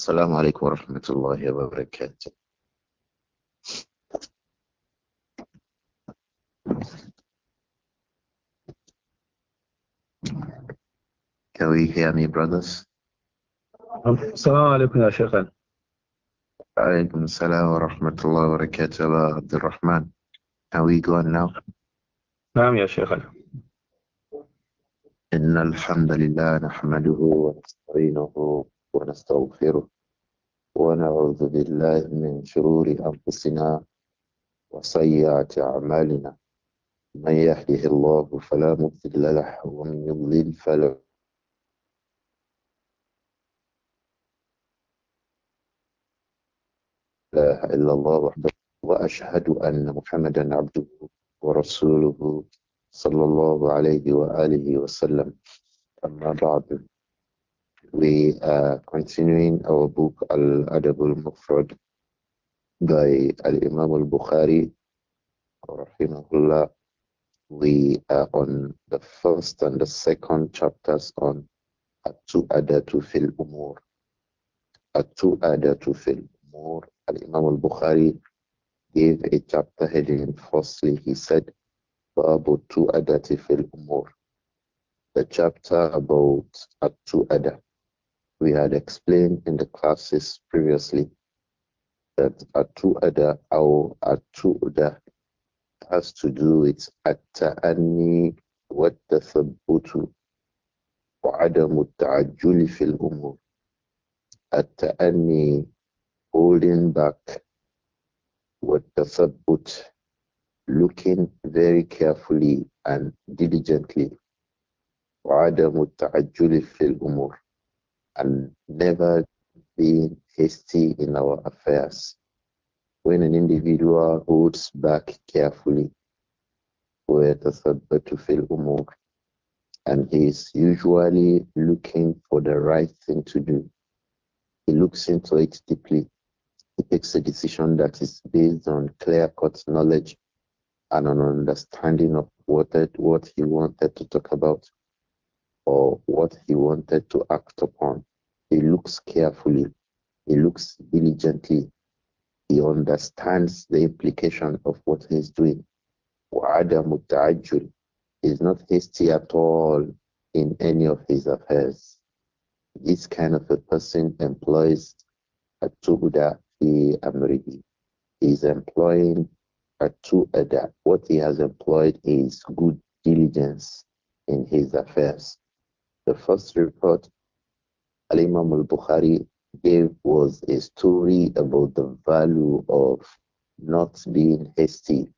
السلام عليكم ورحمة الله وبركاته Can we hear me, brothers? السلام عليكم يا شيخنا عليكم السلام ورحمة الله وبركاته أبا عبد الرحمن Can we go on now? نعم يا شيخنا إن الحمد لله نحمده ونستعينه ونستغفره ونعوذ بالله من شرور أنفسنا وسيئات أعمالنا من يهده الله فلا مضل له ومن يضلل فلا لا إله إلا الله وحده وأشهد أن محمدا عبده ورسوله صلى الله عليه وآله وسلم أما بعد We are continuing our book Al Adab al Mufrad by Al Imam al Bukhari. Rahimahullah. We are on the first and the second chapters on Atu Adatu Fil Umur. Atu Adatu Fil Umur. Al Imam al Bukhari gave a chapter heading. Firstly, he said, Babu Tu Adati Fil Umur. The chapter about Atu Adatu we had explained in the classes previously that a or other has to do with Atta'ani wa Tathabutu wa Adamu Ta'ajuli fil Umur. Atta'ani, holding back, wa Tathabut, looking very carefully and diligently. وعدم التعجل fil umur and never being hasty in our affairs. When an individual holds back carefully, and he is usually looking for the right thing to do, he looks into it deeply. He takes a decision that is based on clear cut knowledge and an understanding of what, that what he wanted to talk about or what he wanted to act upon he looks carefully, he looks diligently, he understands the implication of what he's doing. وعدم is not hasty at all in any of his affairs. This kind of a person employs a tubuda fi amrihi. He is employing a tuada. What he has employed is good diligence in his affairs. The first report Al-Imam al-Bukhari gave was a story about the value of not being hasty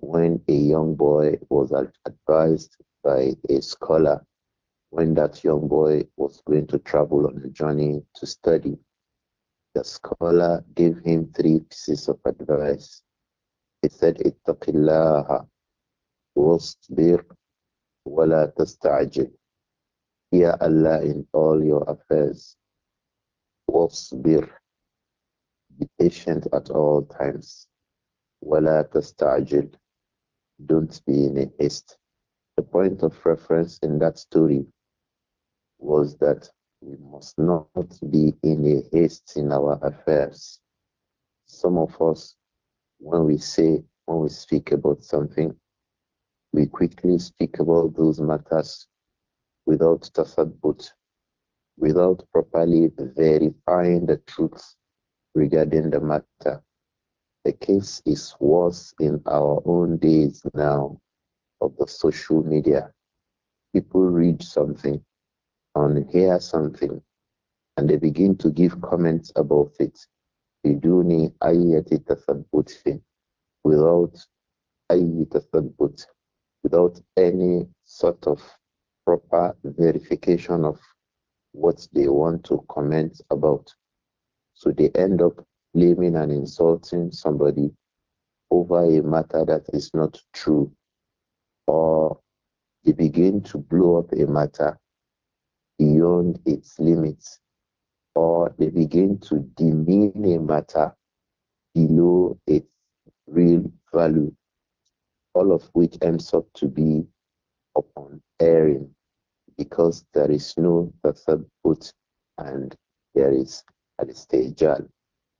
when a young boy was advised by a scholar when that young boy was going to travel on a journey to study. The scholar gave him three pieces of advice. He said, Ittaqillaha wasbir wala tasta'jil. Fear Allah in all your affairs. Wasbir. Be patient at all times. Wala tastajil. Don't be in a haste. The point of reference in that story was that we must not be in a haste in our affairs. Some of us, when we say, when we speak about something, we quickly speak about those matters without tasabbut, without properly verifying the truth regarding the matter. The case is worse in our own days now of the social media. People read something and hear something, and they begin to give comments about it. بدون أي تثبت without أي تثبت without any sort of proper verification of what they want to comment about. So they end up blaming and insulting somebody over a matter that is not true, or they begin to blow up a matter beyond its limits, or they begin to demean a matter below its real value, all of which ends up to be upon airing because there is no tathabbut and there a al-istijal.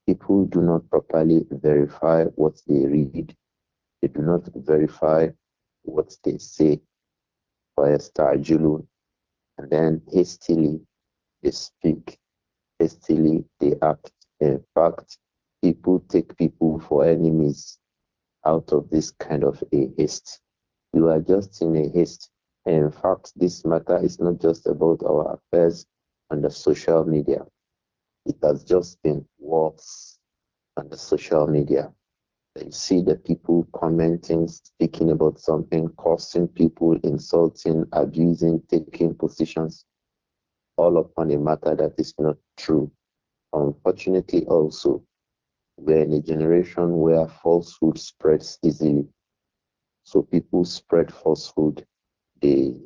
People do not properly verify what they read. They do not verify what they say. And then hastily they speak. Hastily they act. In fact, people take people for enemies out of this kind of a haste. You are just in a haste in fact, this matter is not just about our affairs on the social media. It has just been worse on the social media. You see the people commenting, speaking about something, cursing people, insulting, abusing, taking positions, all upon a matter that is not true. Unfortunately, also, we're in a generation where falsehood spreads easily. So people spread falsehood they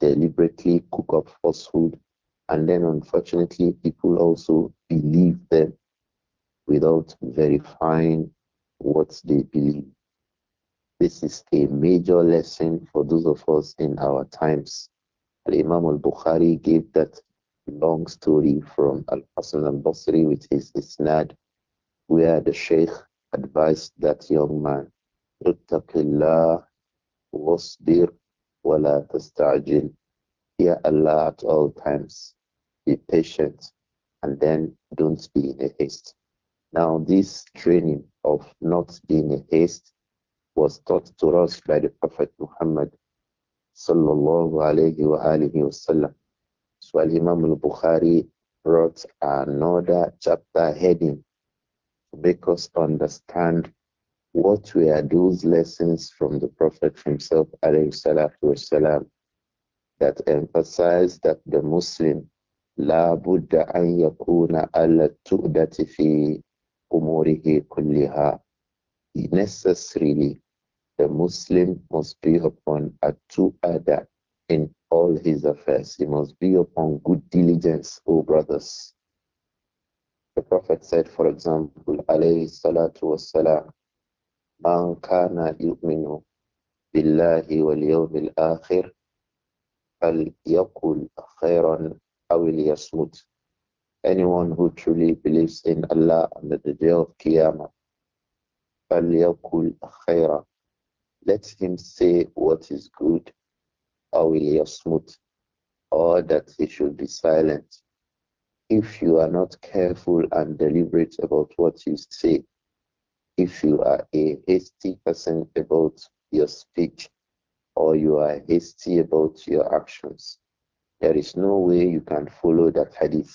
deliberately cook up falsehood and then unfortunately people also believe them without verifying what they believe. This is a major lesson for those of us in our times. Al Imam al Bukhari gave that long story from Al Hasan al Basri with his isnad, where the Sheikh advised that young man, Uttaqillah wasbir وَلَا the Fear Allah at all times. Be patient and then don't be in a haste. Now, this training of not being in haste was taught to us by the Prophet Muhammad sallallahu alayhi wa wasallam. So Imam al-Bukhari wrote another chapter heading to make us understand what were those lessons from the Prophet himself والسلام, that emphasize that the Muslim لا بد أن يكون على التؤدة في أموره كلها necessarily the Muslim must be upon a tu'ada in all his affairs. He must be upon good diligence, O brothers. The Prophet said, for example, alayhi salatu wasalam, من كان يؤمن بالله واليوم الآخر فليقل خيرا أو ليصمت Anyone who truly believes in Allah and the day of Qiyamah فليقل خيرا Let him say what is good أو ليصمت or that he should be silent if you are not careful and deliberate about what you say, if you are a hasty person about your speech or you are hasty about your actions, there is no way you can follow that hadith.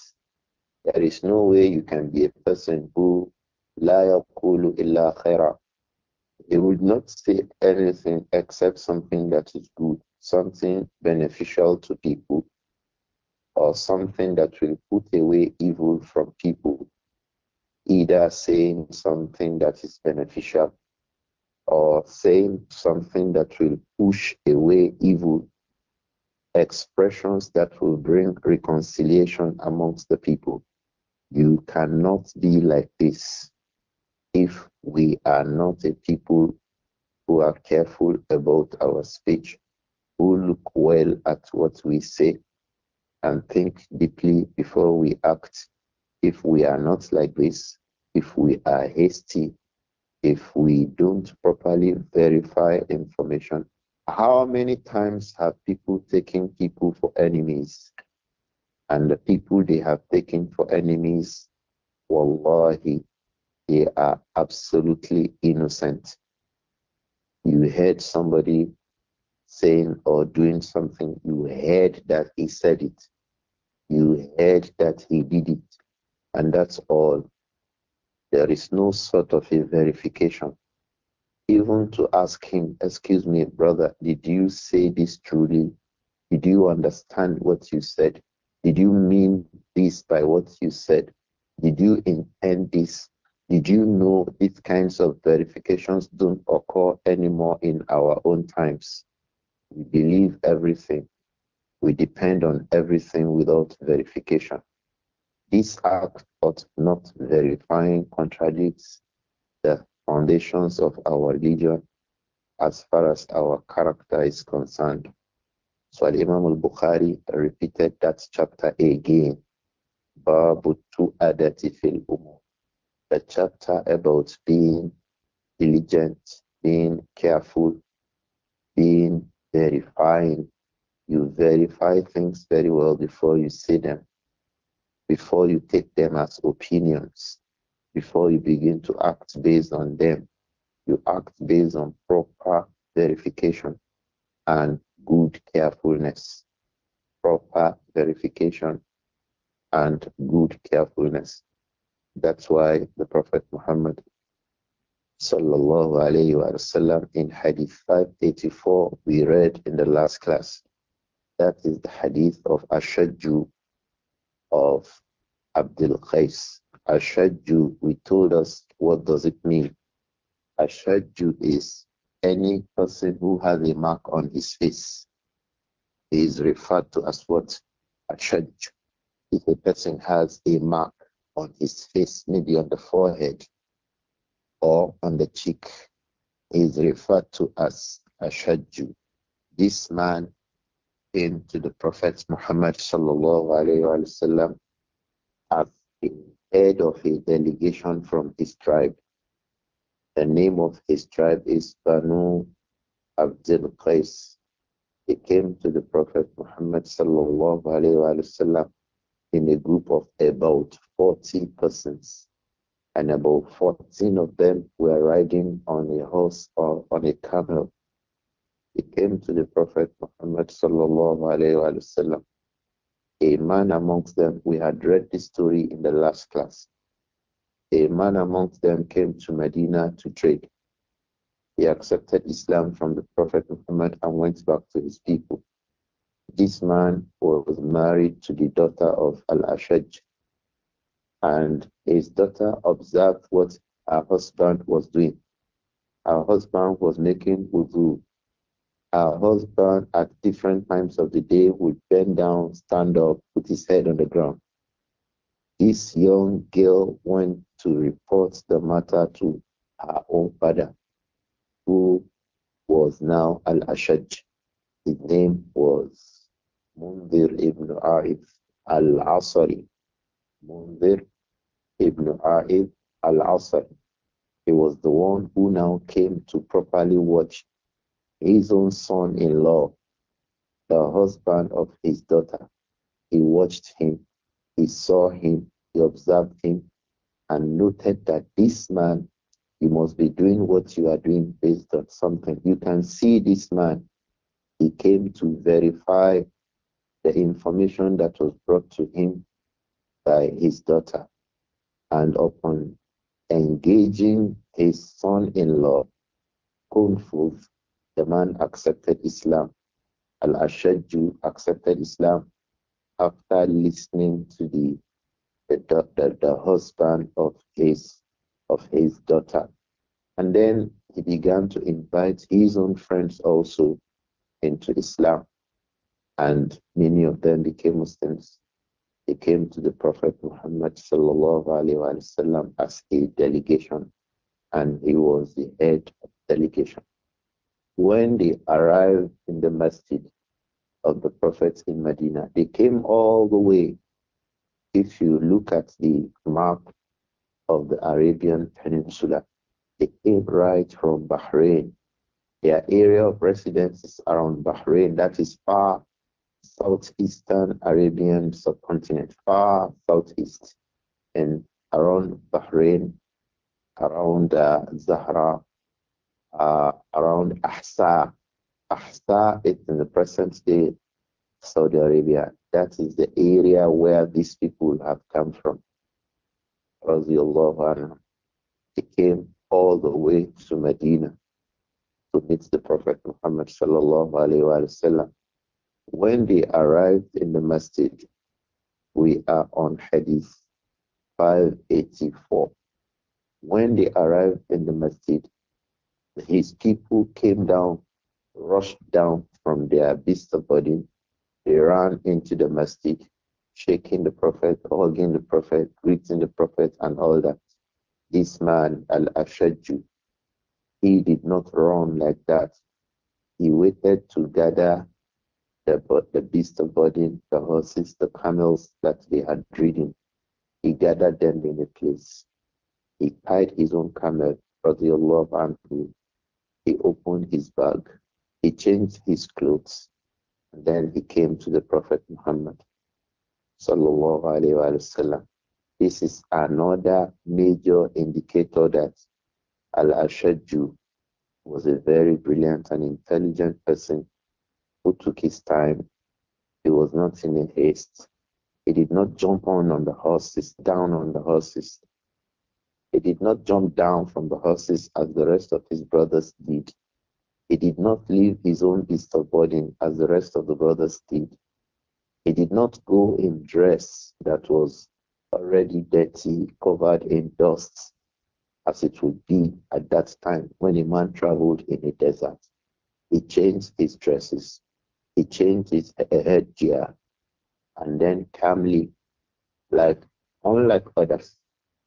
There is no way you can be a person who لا يقول إلا He would not say anything except something that is good, something beneficial to people, or something that will put away evil from people either saying something that is beneficial or saying something that will push away evil, expressions that will bring reconciliation amongst the people. You cannot be like this if we are not a people who are careful about our speech, who look well at what we say, and think deeply before we act if we are not like this, if we are hasty, if we don't properly verify information, how many times have people taken people for enemies? And the people they have taken for enemies, wallahi, they are absolutely innocent. You heard somebody saying or doing something, you heard that he said it, you heard that he did it, and that's all. There is no sort of a verification. Even to ask him, excuse me, brother, did you say this truly? Did you understand what you said? Did you mean this by what you said? Did you intend this? Did you know these kinds of verifications don't occur anymore in our own times? We believe everything. We depend on everything without verification. This act of not verifying contradicts the foundations of our religion as far as our character is concerned. So Imam al Bukhari repeated that chapter again. Babu tu adati fil umur. The chapter about being diligent, being careful, being verifying. You verify things very well before you say them before you take them as opinions, before you begin to act based on them. You act based on proper verification and good carefulness. Proper verification and good carefulness. That's why the Prophet Muhammad sallallahu alayhi wa sallam in hadith 584 we read in the last class. That is the hadith of Ashadju of Abdul Qais. Ashadju, we told us what does it mean. Ashadju is any person who has a mark on his face. He is referred to as what? Ashadju. If a person has a mark on his face, maybe on the forehead or on the cheek, he is referred to as Ashadju. This man into the Prophet Muhammad وسلم, as the head of a delegation from his tribe. The name of his tribe is Banu Abdul Qais. He came to the Prophet Muhammad وسلم, in a group of about 40 persons, and about 14 of them were riding on a horse or on a camel he came to the Prophet Muhammad sallallahu alayhi wa A man amongst them, we had read this story in the last class. A man amongst them came to Medina to trade. He accepted Islam from the Prophet Muhammad and went back to his people. This man was married to the daughter of Al Ashaj, and his daughter observed what her husband was doing. Her husband was making wudu her husband at different times of the day would bend down, stand up, put his head on the ground. This young girl went to report the matter to her own father, who was now Al Ashaj. His name was Mundir ibn Arif Al Asari. Mundir ibn Arif Al Asari. He was the one who now came to properly watch his own son in law, the husband of his daughter. He watched him, he saw him, he observed him, and noted that this man, you must be doing what you are doing based on something. You can see this man. He came to verify the information that was brought to him by his daughter. And upon engaging his son in law, Kung the man accepted Islam. Al Ashadju accepted Islam after listening to the the, the, the husband of his of his daughter. And then he began to invite his own friends also into Islam. And many of them became Muslims. They came to the Prophet Muhammad wasallam as a delegation, and he was the head of the delegation when they arrived in the masjid of the prophets in Medina, they came all the way. If you look at the map of the Arabian Peninsula, they came right from Bahrain. Their area of residence is around Bahrain, that is far southeastern Arabian subcontinent, far southeast, and around Bahrain, around uh, Zahra, uh, around Ahsa. Ahsa is in the present day Saudi Arabia. That is the area where these people have come from. They came all the way to Medina to meet the Prophet Muhammad When they arrived in the masjid, we are on Hadith 584. When they arrived in the masjid, his people came down, rushed down from their beast of burden. They ran into the mosque, shaking the Prophet, hugging the Prophet, greeting the Prophet, and all that. This man, Al Ashadju, he did not run like that. He waited to gather the, the beast of burden, the horses, the camels that they had ridden. He gathered them in a place. He tied his own camel, radiallahu anhu, he opened his bag, he changed his clothes, and then he came to the Prophet Muhammad. Sallallahu Wasallam. This is another major indicator that Al Ashadju was a very brilliant and intelligent person who took his time. He was not in a haste. He did not jump on on the horses, down on the horses. He did not jump down from the horses as the rest of his brothers did. He did not leave his own beast of burden as the rest of the brothers did. He did not go in dress that was already dirty, covered in dust, as it would be at that time when a man traveled in a desert. He changed his dresses, he changed his headgear, and then calmly, like unlike others,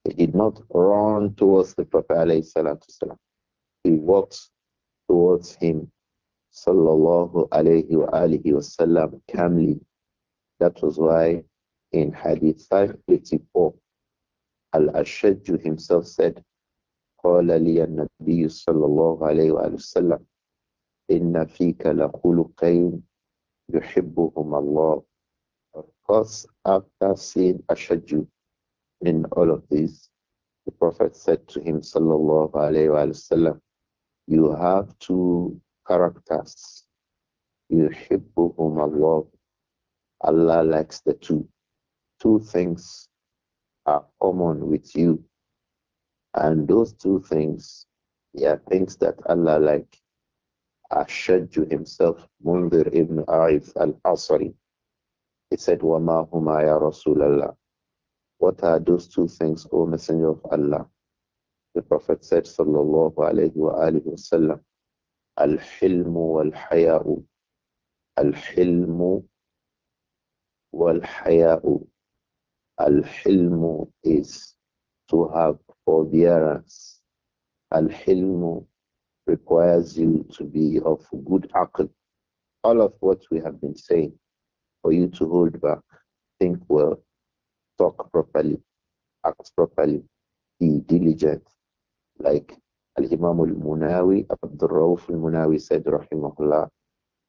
he did not run towards the Prophet ﷺ. He walked towards him sallallahu alayhi wa calmly. That was why in Hadith 584, Al-Ashajju himself said, قال لي النبي صلى الله عليه وآله وسلم إن فيك لخلقين يحبهما الله Of course, after seeing Ashaju, in all of this, the Prophet said to him, Sallallahu Alaihi Wasallam, you have two characters. Yuhibbuhum Allah. Allah likes the two. Two things are common with you. And those two things, yeah, are things that Allah like. Ashadju himself, Mundir ibn Arif al-Asri. He said, وَمَا هُمَا يَا رَسُولَ what are those two things, O Messenger of Allah? The Prophet said, Sallallahu Alaihi Wasallam, Al-Hilmu wal-Haya'u. Al-Hilmu wal-Haya'u. Al-Hilmu is to have forbearance. Al-Hilmu requires you to be of good aql. All of what we have been saying, for you to hold back, think well, talk properly, act properly, be diligent. Like Al-Imam al-Munawi, Abdul Rauf al-Munawi said, Rahimahullah,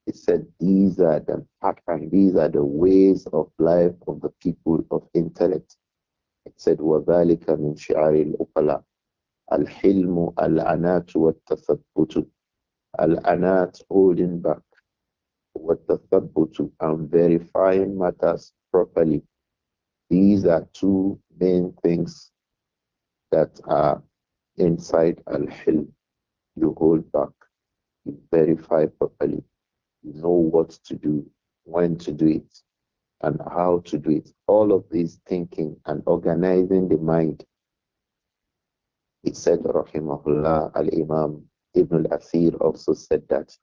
he said, these are the pattern, these are the ways of life of the people of intellect. It said, al-Qulaa al مِنْ شِعَرِ الْأُقَلَى الْحِلْمُ الْعَنَاتُ وَالتَّثَبُّتُ Anat holding back i and verifying matters properly these are two main things that are inside al hil You hold back, you verify properly, you know what to do, when to do it, and how to do it. All of these thinking and organizing the mind. It said, Rahimahullah al Imam Ibn al Asir also said that.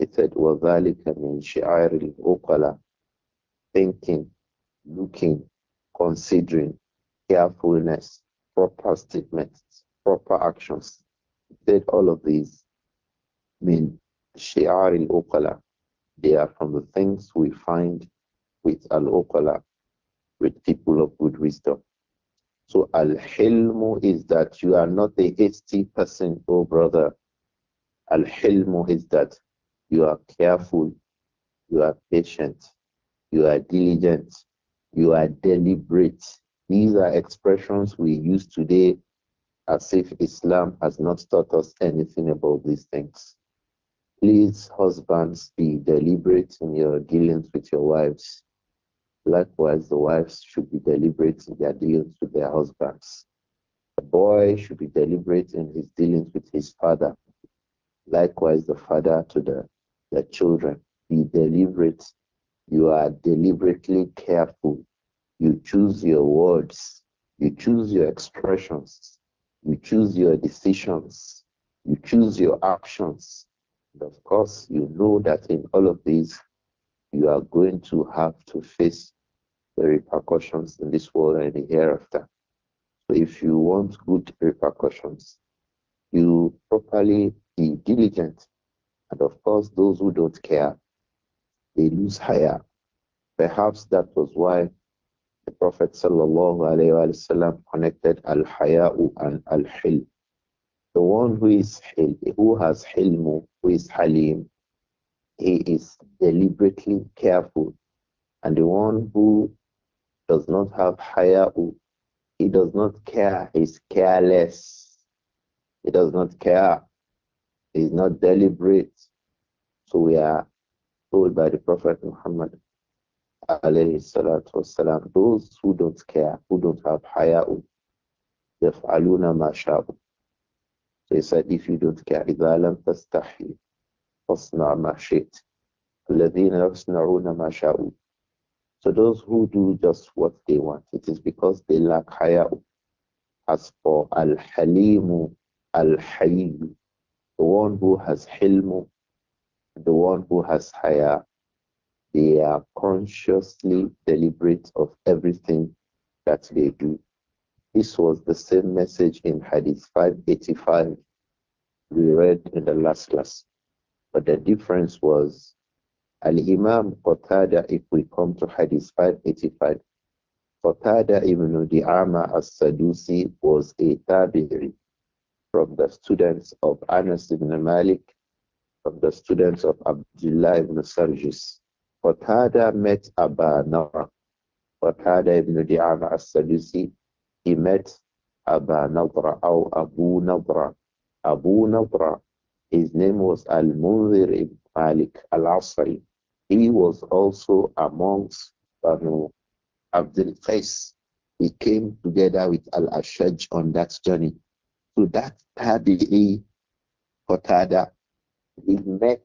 It said, وَذَلِكَ مِنْ شِعَارِ الْأُقَلَى Thinking, looking, considering, carefulness, proper statements, proper actions. did all of these mean shi'ar al-uqala. They are from the things we find with al-uqala, with people of good wisdom. So al-hilmu is that you are not a hasty person, oh brother. Al-hilmu is that you are careful, you are patient, you are diligent, you are deliberate. These are expressions we use today as if Islam has not taught us anything about these things. Please, husbands, be deliberate in your dealings with your wives. Likewise, the wives should be deliberate in their dealings with their husbands. The boy should be deliberate in his dealings with his father. Likewise, the father to the, the children. Be deliberate you are deliberately careful. You choose your words. You choose your expressions. You choose your decisions. You choose your actions. And of course, you know that in all of these, you are going to have to face the repercussions in this world and the hereafter. So if you want good repercussions, you properly be diligent. And of course, those who don't care, they lose haya. Perhaps that was why the Prophet وسلم, connected al hayau and al hil. The one who is hil, who has hilmu, who is halim, he is deliberately careful, and the one who does not have hayau, he does not care, he is careless. He does not care. He is not deliberate. So we are told by the Prophet Muhammad alayhi salatu wasalam, those who don't care, who don't have haya'u, umm, yaf'aluna ma sha'u. So he said, if you don't care, إِذَا لَمْ تَسْتَحِي فَاصْنَعْ مَا شِئْتَ الَّذِينَ يَصْنَعُونَ مَا شَاءُ So those who do just what they want, it is because they lack haya'u. Umm. As for al-halimu al-hayyu, the one who has hilmu, the one who has higher, they are consciously deliberate of everything that they do. This was the same message in Hadith 585 we read in the last class. But the difference was Al-Imam Qatada, if we come to Hadith 585, Qatada ibn Di'ama as-Sadusi was a tabi'i from the students of Anas ibn Malik of the students of Abdullah ibn Sarjus. Qatada met Abba Nawr. Qatada ibn Di'ama al-Sadusi, he met Abba Nawra or Abu Nawra. Abu Nawra, his name was Al-Munzir ibn Malik al-Asri. He was also amongst Banu Abdul Qais. He came together with Al-Ashaj on that journey. So that Tabi'i Qatada he met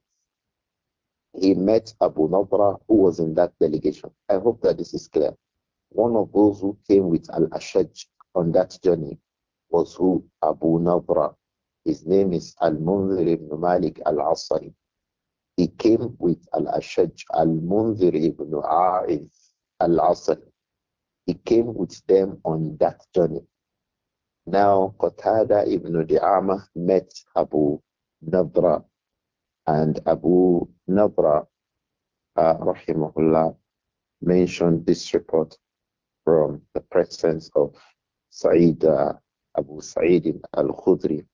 he met Abu Nadra, who was in that delegation. I hope that this is clear. One of those who came with Al Ashaj on that journey was who Abu Nadra. His name is Al Munzir ibn Malik Al Asari. He came with Al Ashaj Al Munzir ibn A'if Al Asari. He came with them on that journey. Now Qatada ibn Di'amah met Abu Nadra and Abu Nabra, uh, rahimahullah, mentioned this report from the presence of Sa'id, uh, Abu Sa'id al-Khudri,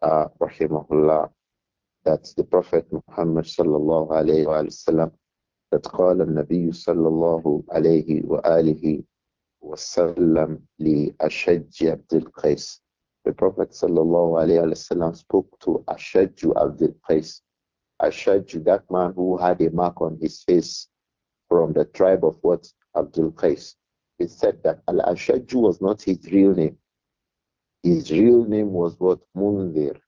uh, rahimahullah, that the Prophet Muhammad sallallahu alayhi wa sallam, that قال النبي صلى الله عليه وآله وسلم لأشج عبد القيس the Prophet وسلم, spoke to Ashadju Abdul Qais. Ashadju, that man who had a mark on his face from the tribe of what? Abdul Qais. He said that Al Ashadju was not his real name. His real name was what? Mundir.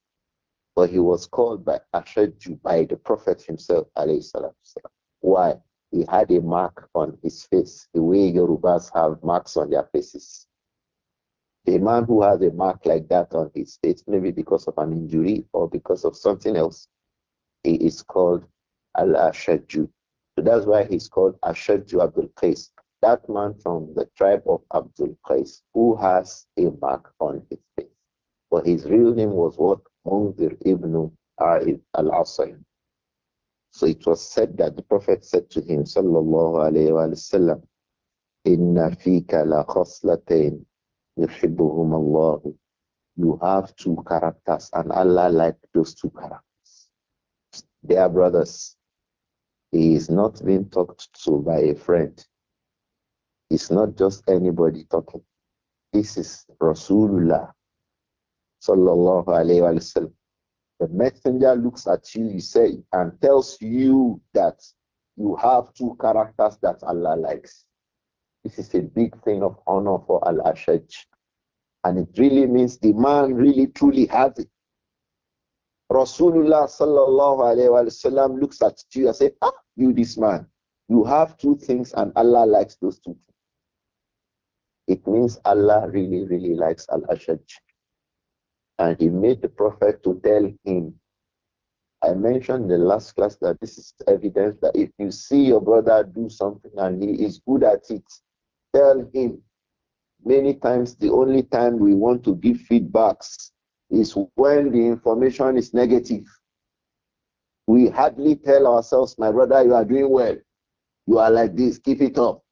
But he was called by Ashadju by the Prophet himself. Why? He had a mark on his face, the way Yorubas have marks on their faces a man who has a mark like that on his face, maybe because of an injury or because of something else, he is called Al Ashadju. So that's why he's called Ashadju Abdul Qais. That man from the tribe of Abdul Qais who has a mark on his face. But his real name was what? Munzir ibn al Asayim. So it was said that the Prophet said to him, Sallallahu Alaihi Wasallam, Inna fika la khoslatain يحبهم الله you have two characters and Allah likes those two characters they are brothers he is not being talked to by a friend it's not just anybody talking this is Rasulullah sallallahu alayhi wa sallam the messenger looks at you, he say, and tells you that you have two characters that Allah likes. This is a big thing of honor for Al Ashaj. And it really means the man really truly has it. Rasulullah sallallahu alayhi wa sallam looks at you and says, Ah, you this man, you have two things and Allah likes those two things. It means Allah really, really likes Al Ashaj. And he made the Prophet to tell him, I mentioned in the last class that this is evidence that if you see your brother do something and he is good at it, Tell him. Many times, the only time we want to give feedbacks is when the information is negative. We hardly tell ourselves, my brother, you are doing well. You are like this, keep it up.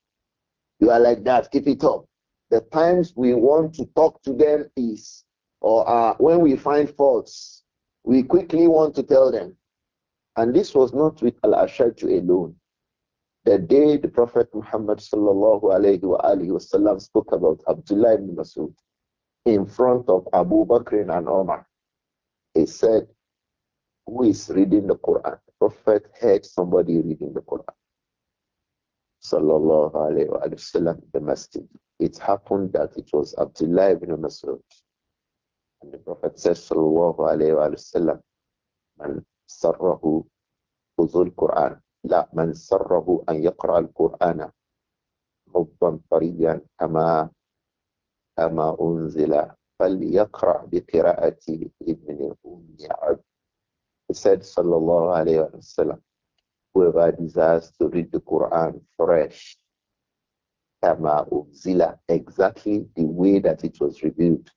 You are like that, keep it up. The times we want to talk to them is, or uh, when we find faults, we quickly want to tell them. And this was not with Al Ashadu alone. The day the Prophet Muhammad sallallahu alayhi wa alayhi wasallam spoke about Abdullah ibn Masud in front of Abu Bakr and Omar, he said, Who is reading the Quran? The Prophet heard somebody reading the Quran. Sallallahu alayhi wa sallam, the masjid. It happened that it was Abdullah ibn Masud. And the Prophet said, Sallallahu alayhi wa sallam, Man sarrahu Quran لا من سره أن يقرأ القرآن حبا طريا كما كما أنزل فليقرأ بقراءة ابن أم عبد He said sallallahu alayhi wa sallam whoever desires to read the Quran fresh kama uzila exactly the way that it was revealed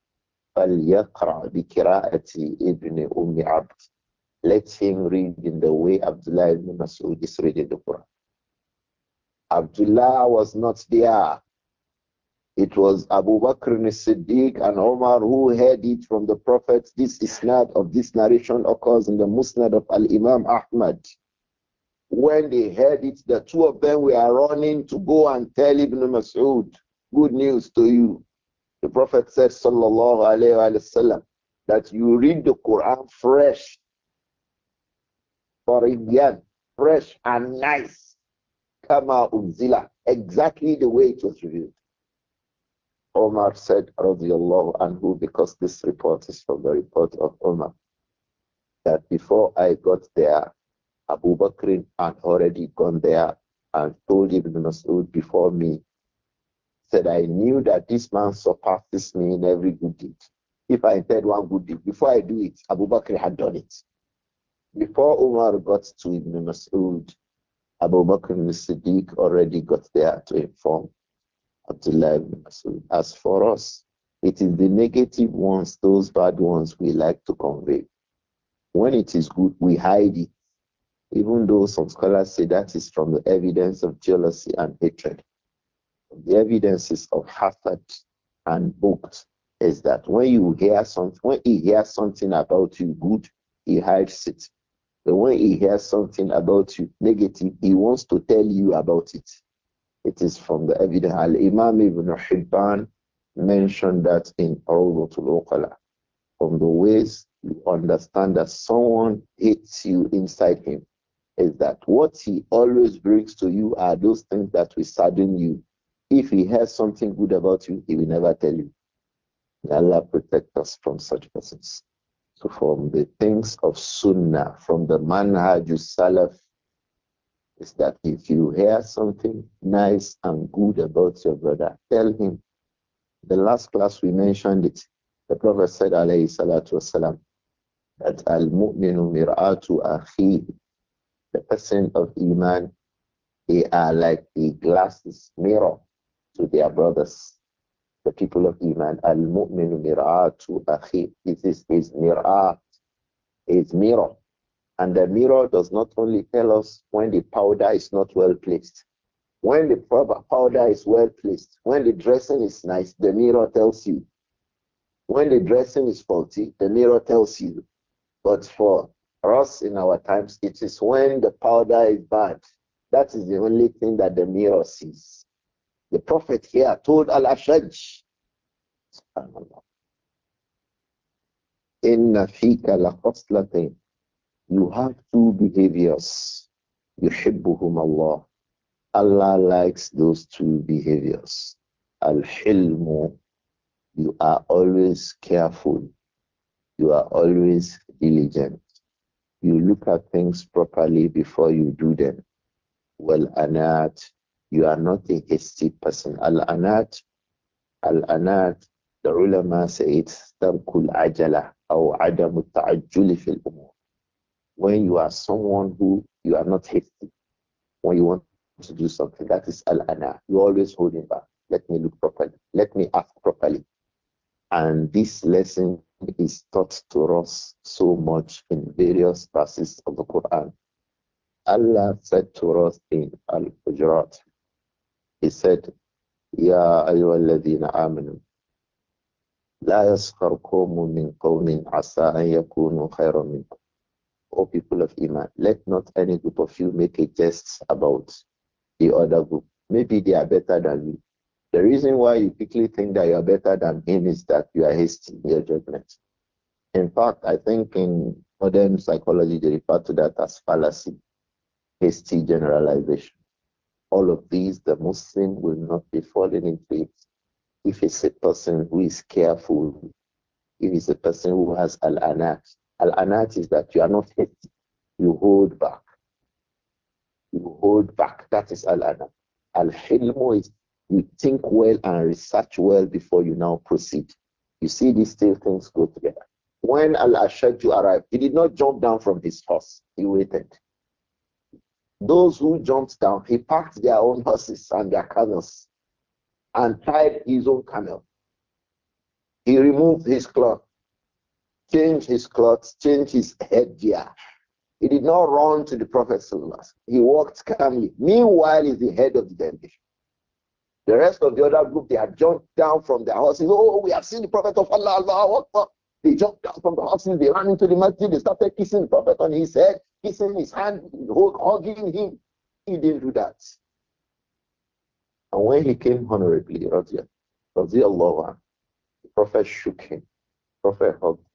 فليقرأ بقراءة ابن أم عبد let him read in the way Abdullah ibn Masud is reading the Quran. Abdullah was not there. It was Abu Bakr and Siddiq and Omar who heard it from the Prophet. This isnad of this narration occurs in the Musnad of Al Imam Ahmad. When they heard it, the two of them were running to go and tell Ibn Mas'ud, good news to you. The Prophet said, Sallallahu Alaihi Wasallam, that you read the Quran fresh طريا fresh and nice kama unzila exactly the way it was revealed Omar said radiyallahu anhu because this report is from the report of Omar that before I got there Abu Bakr had already gone there and told Ibn Mas'ud before me said I knew that this man surpasses me in every good deed if I intend one good deed before I do it Abu Bakr had done it before Umar got to Ibn Mas'ud, Abu Bakr ibn Siddiq already got there to inform Abdullah ibn Mas'ud. As for us, it is the negative ones, those bad ones we like to convey. When it is good, we hide it, even though some scholars say that is from the evidence of jealousy and hatred. The evidences of hatred and books is that when you hear something, when he hears something about you good, he hides it. But when he hears something about you negative, he wants to tell you about it. It is from the evidence. Al Imam ibn Hibban mentioned that in Rawdatul Uqala. From the ways you understand that someone hates you inside him is that what he always brings to you are those things that will sadden you. If he has something good about you, he will never tell you. May Allah protect us from such persons. So from the things of Sunnah, from the manhaj salaf, is that if you hear something nice and good about your brother, tell him. The last class we mentioned it. The Prophet said, alayhi salatu wasalam, that al-mu'minu mir'atu akhi, the person of Iman, they are like the glasses mirror to their brothers the people of Iman. Al mu'minu mir'atu akhi. This is his mir'at, his mirror. And the mirror does not only tell us when the powder is not well placed, when the proper powder is well placed, when the dressing is nice, the mirror tells you. When the dressing is faulty, the mirror tells you. But for us in our times, it is when the powder is bad. That is the only thing that the mirror sees. The Prophet here told Al Ashaj, Inna You have two behaviors. Yuhibbuhum Allah. Allah likes those two behaviors. Al-hilmu. You are always careful. You are always diligent. You look at things properly before you do them. Well, anat. You are not a hasty person. Al anat, al anat, the ulama say it's ajala or fil umur. When you are someone who you are not hasty, when you want to do something, that is al anat. You're always holding back. Let me look properly. Let me ask properly. And this lesson is taught to us so much in various verses of the Quran. Allah said to us in Al Hujurat, he said, Ya ayyuhalladhina amanu La yaskhar qawmun min qawmin asa an yakunu khayran minkum. O people of Iman, let not any group of you make a jest about the other group. Maybe they are better than you. The reason why you quickly think that you are better than him is that you are in your judgment. In fact, I think in modern psychology they refer to that as fallacy, hasty generalization all of these, the Muslim will not be falling into it if it's a person who is careful, if it's a person who has al anat. Al anat is that you are not hit, you hold back. You hold back. That is al anat. Al hilmu is you think well and research well before you now proceed. You see, these two things go together. When Al Ashadju arrived, he did not jump down from his horse, he waited. Those who jumped down, he packed their own horses and their camels and tied his own camel. He removed his cloth, changed his clothes, changed his headgear. He did not run to the Prophet. He walked calmly. Meanwhile, he's the head of the delegation. The rest of the other group, they had jumped down from their horses. Oh, we have seen the Prophet of Allah, Allah, They jumped down from the horses, they ran into the masjid, they started kissing the Prophet on his head. Kissing his hand hugging him. He didn't do that. And when he came honorably, Radia, Radia the Prophet shook him, the Prophet hugged,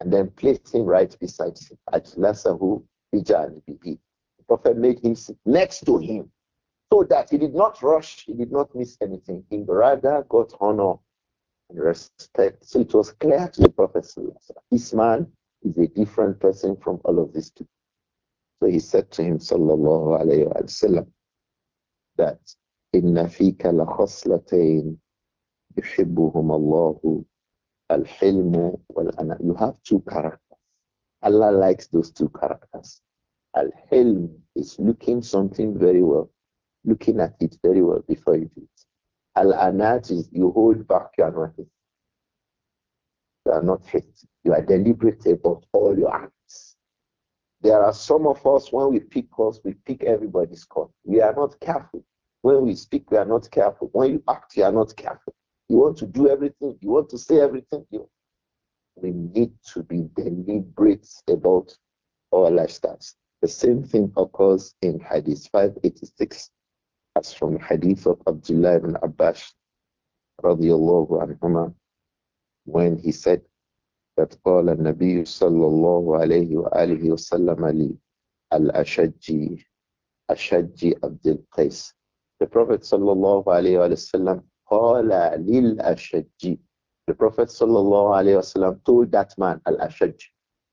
and then placed him right beside him. Bibi. The Prophet made him sit next to him so that he did not rush, he did not miss anything. He rather got honor and respect. So it was clear to the Prophet. This man is a different person from all of these people. So he said to him, Sallallahu Alaihi Wasallam, that Inna fika la khoslatain Allahu al-hilmu wal-ana. You have two characters. Allah likes those two characters. Al-hilm is looking something very well, looking at it very well before you do it. Al-anat is you hold back, your are You are not hasty. You are deliberate about all your actions. There are some of us, when we pick us, we pick everybody's call. We are not careful. When we speak, we are not careful. When you act, you are not careful. You want to do everything, you want to say everything. You, we need to be deliberate about our lifestyles. The same thing occurs in Hadith 586, as from Hadith of Abdullah ibn Abbas, radiallahu anhuma, when he said, that قال النبي صلى الله عليه وآله وسلم لي الأشجي أشجي عبد القيس The Prophet صلى الله عليه وسلم قال للأشجي The Prophet صلى الله عليه وسلم told that man الأشج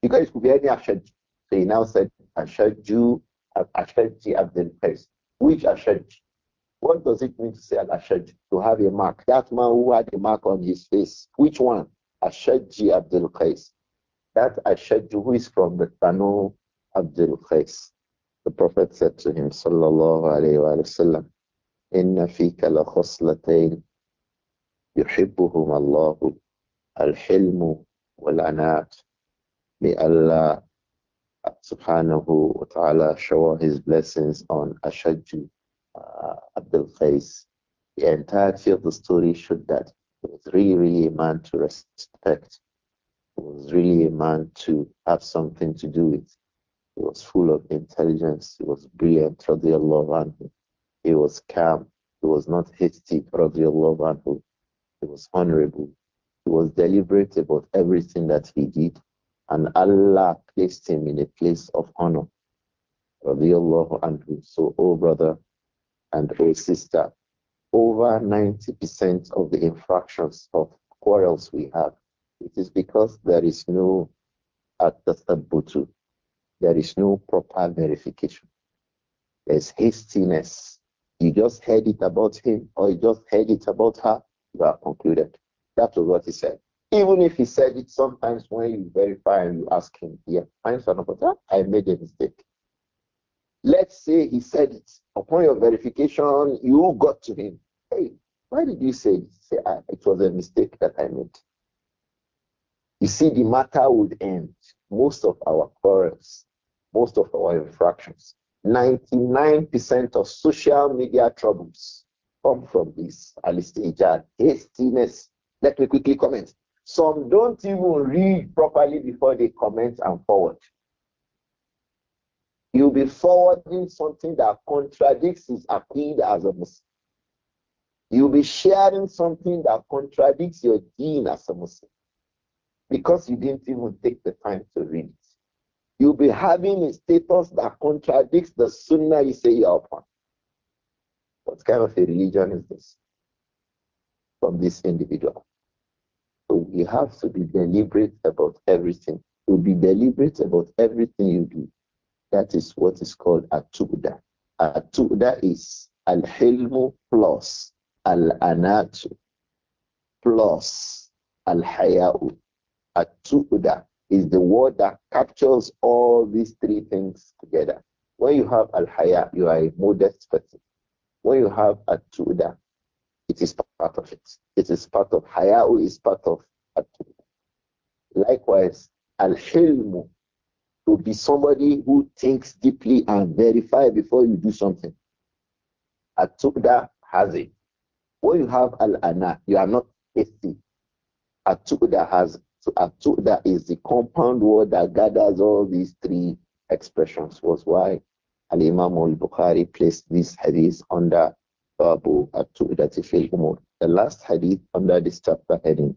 You guys could be any أشج So he now said أشجي Ashadji Abdel Qais. Which Ashadji? What does it mean to say Al Ashadji? To have a mark. That man who had a mark on his face. Which one? Ashadji Abdul Qais. That Ashadji who is from the Banu Abdul Qais. The Prophet said to him, Sallallahu Alaihi Wasallam, Inna fika la khoslatayn yuhibbuhum Allahu al-hilmu wal-anat. May Allah subhanahu wa ta'ala shower his blessings on Ashadji uh, Abdul Qais. The entirety of the story showed that was really, really a man to respect. He was really a man to have something to do with. He was full of intelligence. He was brilliant, radiallahu anhu. He was calm. He was not hasty, radiallahu anhu. He was honorable. He was deliberate about everything that he did. And Allah placed him in a place of honor, radiallahu anhu. So, oh brother and oh sister, over 90% of the infractions of quarrels we have, it is because there is no atasabutu, there is no proper verification. There's hastiness. You just heard it about him or you just heard it about her, you are concluded. That was what he said. Even if he said it sometimes when you verify and you ask him, yeah, am sorry, but I made a mistake. Let's say he said it. Upon your verification, you got to him. Hey, why did you say it? Say, ah, it was a mistake that I made. You see, the matter would end. Most of our quarrels, most of our infractions, 99% of social media troubles come from this alistair hastiness. Let me quickly comment. Some don't even read properly before they comment and forward. You'll be forwarding something that contradicts his creed as a Muslim. You'll be sharing something that contradicts your deen as a Muslim because you didn't even take the time to read it. You'll be having a status that contradicts the sunnah you say you're upon. What kind of a religion is this from this individual? So we have to be deliberate about everything. You'll be deliberate about everything you do. That is what is called atuda. Atuda is al-hilmu plus al-anatu plus al-hayau. Atuda is the word that captures all these three things together. When you have al-haya, you are a modest person. When you have atuda, it is part of it. It is part of hayau. Is part of atuda. Likewise, al-hilmu to be somebody who thinks deeply and verify before you do something. Atukda has it. When you have al ana, you are not hasty. Atukda has. So atukda is the compound word that gathers all these three expressions. Was why Al Imam Al Bukhari placed this hadith under Babu Atukda Tifil Umur. The last hadith under this chapter heading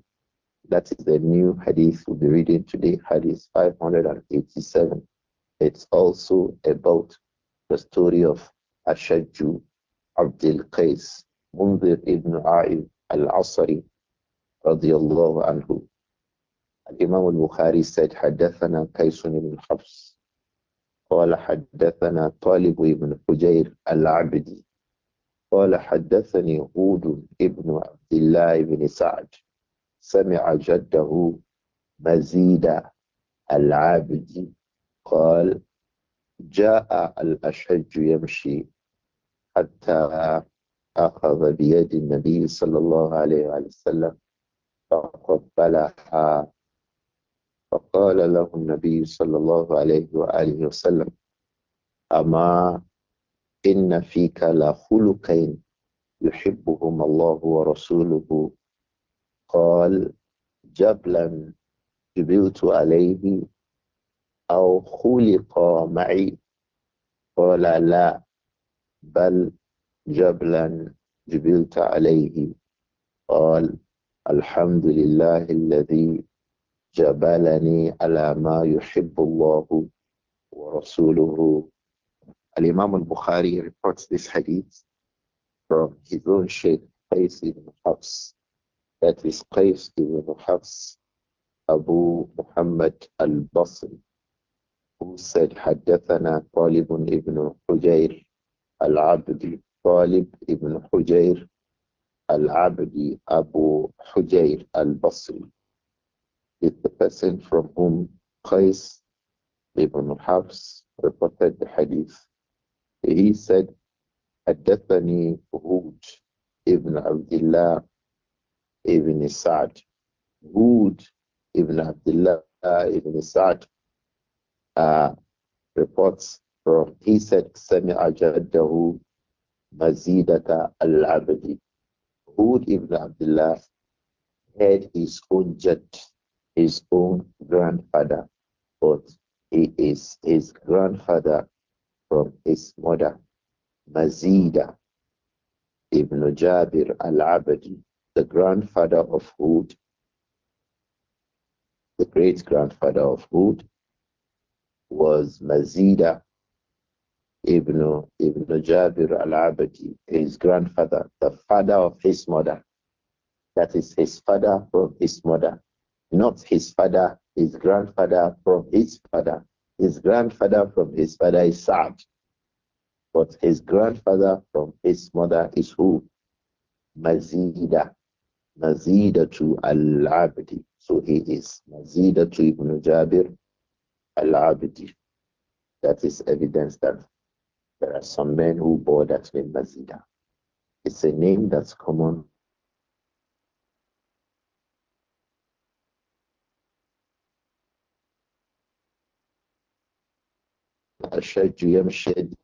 that's the new hadith we'll be reading today, hadith 587. It's also about the story of Ashadju Abdul Qais Munzir ibn A'ib al Asari, radiyallahu anhu. Al bukhari said حدثنا قيس بن حفص قال حدثنا طالب بن حجير العبدي قال حدثني هود بن عبد الله بن سعد سمع جده مزيد العابد قال جاء الأشج يمشي حتى أخذ بيد النبي صلى الله عليه وسلم فقبلها فقال له النبي صلى الله عليه وآله وسلم أما إن فيك لخلقين يحبهم الله ورسوله قال جبلا جبلت عليه أو خلق معي قال لا بل جبلا جبلت عليه قال الحمد لله الذي جبلني على ما يحب الله ورسوله الإمام البخاري reports this hadith from his own Shaykh Qais ibn Hafs that is Qais ibn Hafs Abu Muhammad al-Basri, who said, حدثنا طالب ibn حجير Abdi Talib ibn Hujair al Abdi Abu Hujair al-Basri is the person from whom Qais ibn Hafs reported the hadith. He said, حدثني هود ibn Abdullah ibn Sa'd, Hud ibn Abdullah ibn Sa'd uh, reports from, he said, سمع جده al العبد. Hud ibn Abdullah had his own jet, his own grandfather, but he is his grandfather from his mother, Mazida ibn Jabir al-Abadi the grandfather of Hood, the great grandfather of Hood, was Mazida ibn, ibn Jabir al Abadi, his grandfather, the father of his mother. That is his father from his mother, not his father, his grandfather from his father. His grandfather from his father is Saad, but his grandfather from his mother is who? Mazida to al-Abdi. So he is to ibn Jabir al-Abdi. That is evidence that there are some men who bore that name Mazida. It's a name that's common أشج يمشد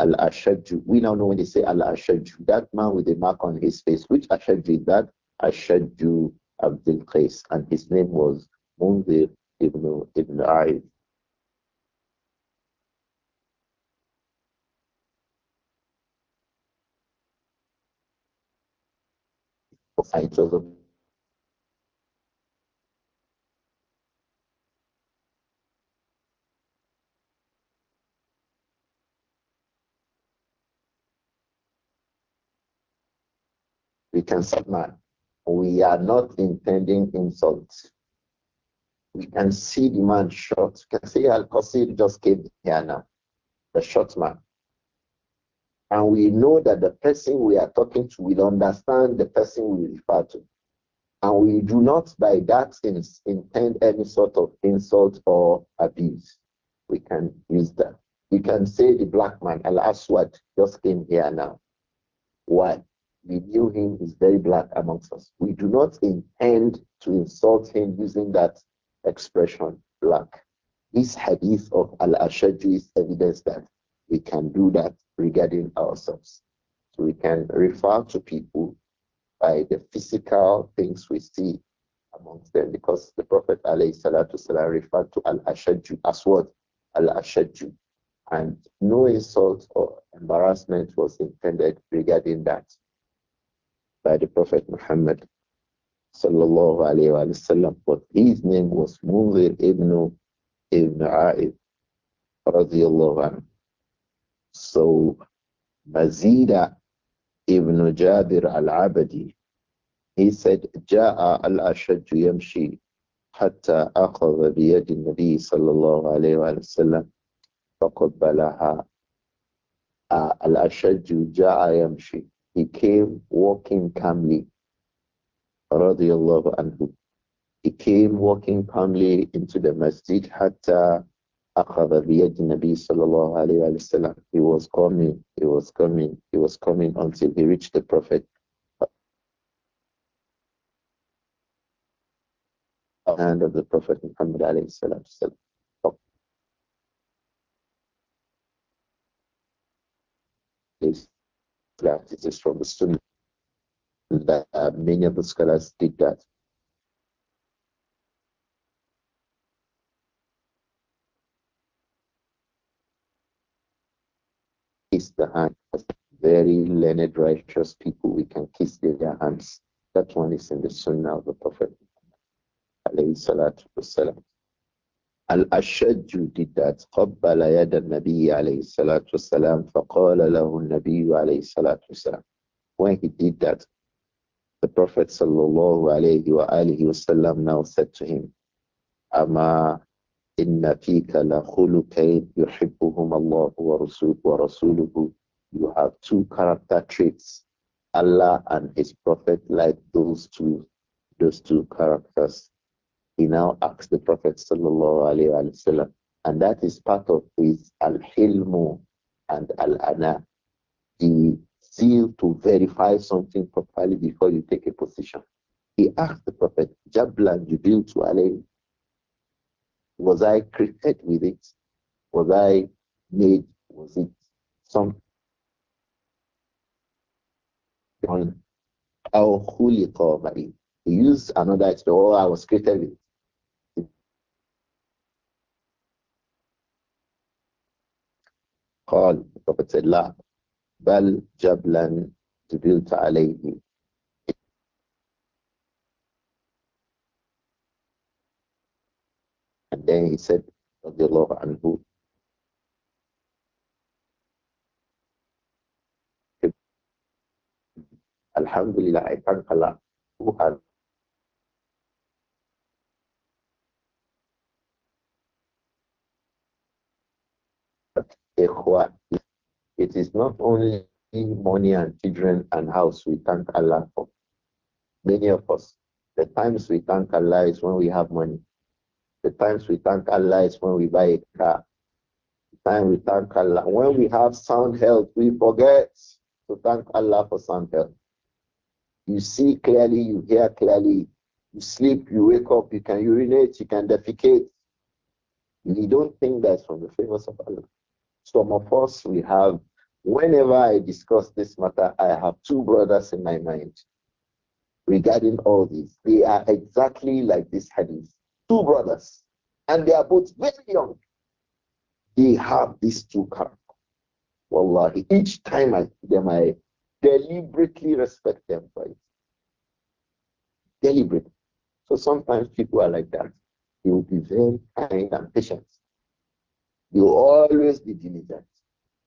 Al Ashadju. We now know when they say Al Ashadju, that man with the mark on his face. Which Ashadju is that? Ashadju Abdul Qais. And his name was Munzir ibn, ibn Aid. we can man. We are not intending insult. We can see the man shot. You can see Al Qasir just came here now, the short man. And we know that the person we are talking to will understand the person we refer to. And we do not by that intend any sort of insult or abuse. We can use that. You can say the black man, Al Aswad, just came here now. Why? We knew him is very black amongst us. We do not intend to insult him using that expression, black. This hadith of Al Ashaju is evidence that we can do that regarding ourselves. So we can refer to people by the physical things we see amongst them because the Prophet referred to Al Ashaju as what? Al Ashaju. And no insult or embarrassment was intended regarding that. by the Prophet Muhammad sallallahu alayhi wa sallam, but his name was Munzir ibn ibn A'ib radiallahu anhu. So Mazida ibn Jabir al-Abadi, he said, Ja'a al-Ashaj yamshi حتى أخذ بيد النبي صلى الله عليه وسلم فقبلها الأشج جاء يمشي He came walking calmly. Radiallahu anhu. He came walking calmly into the masjid hatta akhadha biyad Nabi sallallahu alayhi wa sallam. He was coming, he was coming, he was coming until he reached the Prophet. Hand of the Prophet Muhammad alayhi sallam. that it is from the Sunnah that uh, many of the scholars did that. Kiss the hand of very learned, righteous people. We can kiss their hands. That one is in the Sunnah of the Prophet. Al-Ashajju did قبل يد النبي عليه الصلاة والسلام فقال له النبي عليه الصلاة والسلام. When he did that, the Prophet sallallahu alayhi wa alihi wasallam now said to him, أما إن فيك لخلقين يحبهم الله ورسوله ورسوله. You have two character traits. Allah and His Prophet like those two, those two characters he now asks the Prophet وسلم, and that is part of his al-hilmu and al-ana, the zeal to verify something properly before you take a position. He asked the Prophet, Jablan to alayhi, was I created with it? Was I made? Was it some he used another expression, oh, I was created with قال Prophet said لا بل جبلا جبلت عليه And then he said, رضي الله عنه, Alhamdulillah, I thank Allah who has it is not only money and children and house we thank Allah for. Many of us, the times we thank Allah is when we have money. The times we thank Allah is when we buy a car. The time we thank Allah. When we have sound health, we forget to thank Allah for sound health. You see clearly, you hear clearly, you sleep, you wake up, you can urinate, you can defecate. You don't think that's from the favors of Allah. Some of us, we have, whenever I discuss this matter, I have two brothers in my mind regarding all this. They are exactly like this hadith. Two brothers, and they are both very young. They have these two characters. Wallahi, each time I see them, I deliberately respect them for it. Deliberately. So sometimes people are like that. They will be very kind and patient. You always be diligent.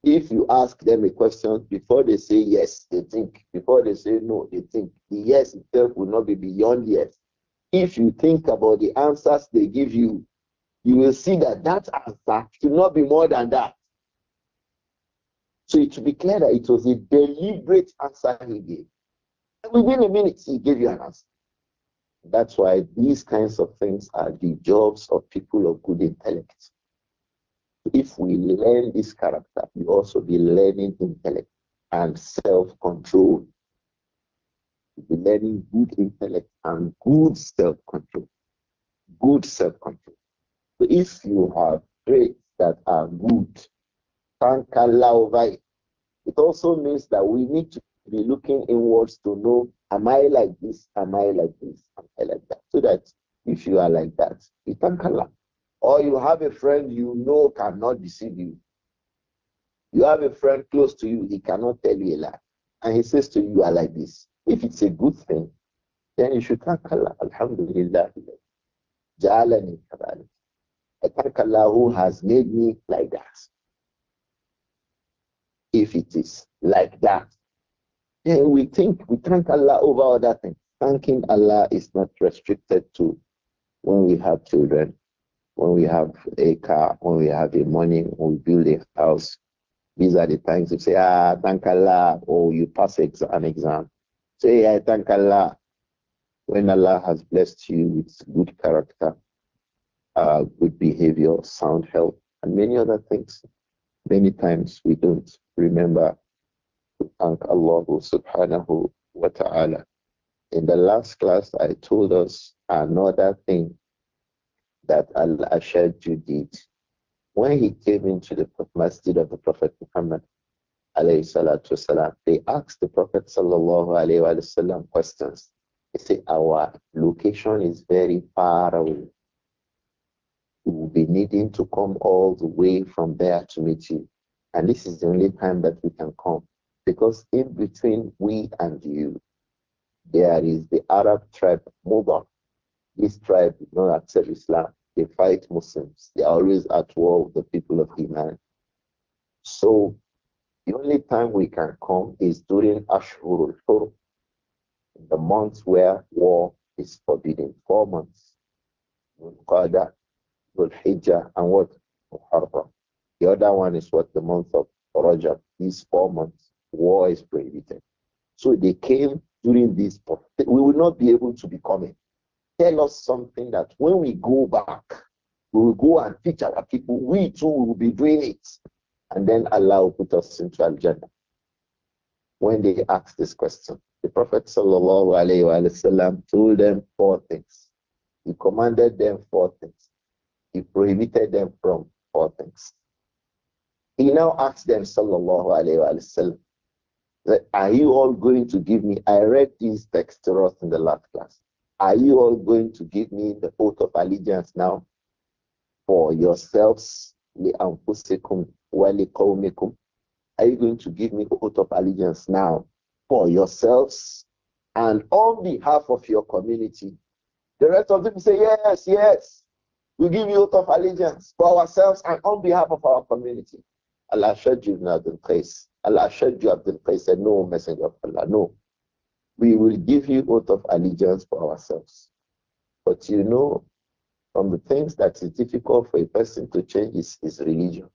If you ask them a question, before they say yes, they think. Before they say no, they think. The yes itself will not be beyond yes. If you think about the answers they give you, you will see that that answer should not be more than that. So it should be clear that it was a deliberate answer he gave. And within a minute, he gave you an answer. That's why these kinds of things are the jobs of people of good intellect. If we learn this character, we also be learning intellect and self-control. We'll be learning good intellect and good self-control. Good self-control. So if you have traits that are good, thank Allah over it. It also means that we need to be looking inwards to know, am I like this? Am I like this? Am I like that? So that if you are like that, you thank Allah. Or you have a friend you know cannot deceive you. You have a friend close to you, he cannot tell you a lie. And he says to you, you are like this. If it's a good thing, then you should thank Allah. Alhamdulillah. Ja'alani kabalik. I thank Allah who has made me like that. If it is like that, then we think, we thank Allah over other things. Thanking Allah is not restricted to when we have children when we have a car, when we have the money, when we build a house. These are the times you say, ah, thank Allah, or you pass an exam. Say, I thank Allah. When Allah has blessed you with good character, uh, good behavior, sound health, and many other things, many times we don't remember to thank Allah subhanahu wa ta'ala. In the last class, I told us another thing that al you did when he came into the masjid of the Prophet Muhammad والسلام, they asked the Prophet وسلم, questions. They say, Our location is very far away. We will be needing to come all the way from there to meet you. And this is the only time that we can come. Because in between we and you, there is the Arab tribe Mudar. This tribe did not accept Islam. They fight Muslims. They are always at war with the people of Iman. So the only time we can come is during Ashurul Hur, the months where war is forbidden. Four months. Qada, Hijjah, and what? The other one is what? The month of Rajab. These four months, war is prohibited. So they came during this, we will not be able to be coming tell us something that when we go back, we will go and teach our people. We too will be doing it. And then Allah will put us into Al Jannah. When they asked this question, the Prophet wasallam told them four things. He commanded them four things. He prohibited them from four things. He now asked them, Sallallahu Alaihi Wasallam, are you all going to give me? I read these texts to us in the last class. Are you all going to give me the oath of allegiance now for yourselves? Are you going to give me oath of allegiance now for yourselves and on behalf of your community? The rest of them say, Yes, yes, we give you oath of allegiance for ourselves and on behalf of our community. Allah showed you Abdul Qais. Allah showed you Abdul Qais said, No, Messenger of Allah, no we will give you oath of allegiance for ourselves. But you know, from the things that is difficult for a person to change is, religion.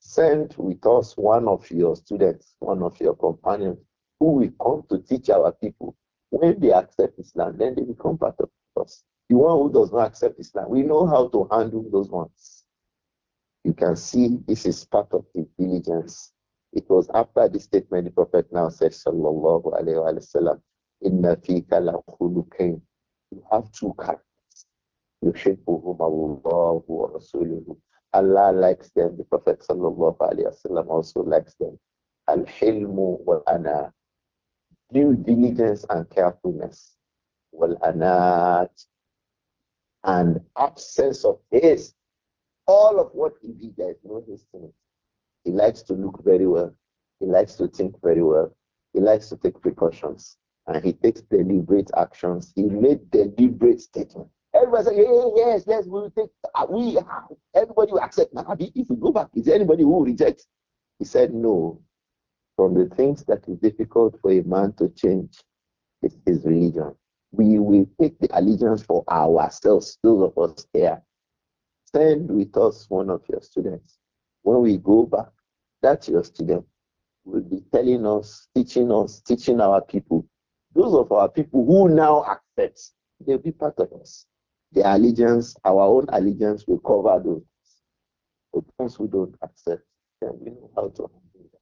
Send with us one of your students, one of your companions, who will come to teach our people. When they accept Islam, then they become part of us. The one who does not accept Islam, we know how to handle those ones. You can see this is part of the diligence it was after this statement the Prophet now said, Sallallahu Alaihi Wasallam, Inna fika la khulukain. You have two characters. Yushibuhum Allah wa Rasuluhu. Allah likes them. The Prophet Sallallahu Alaihi Wasallam also likes them. Al-hilmu wal ana. Due diligence and carefulness. Wal anat. And absence of haste. All of what he did, there is no haste in it. He likes to look very well. He likes to think very well. He likes to take precautions. And he takes deliberate actions. He made deliberate statements. Everybody said, hey, yes, yes, we will take, ah, we, ah, everybody will accept. Now, if we go back, is there anybody who will reject? He said, no. From the things that is difficult for a man to change is his religion. We will take the allegiance for ourselves, those of us here. Send with us one of your students when we go back, that your student will be telling us, teaching us, teaching our people. Those of our people who now accept, they'll be part of us. Their allegiance, our own allegiance will cover those. But those who don't accept, then we know how to handle that.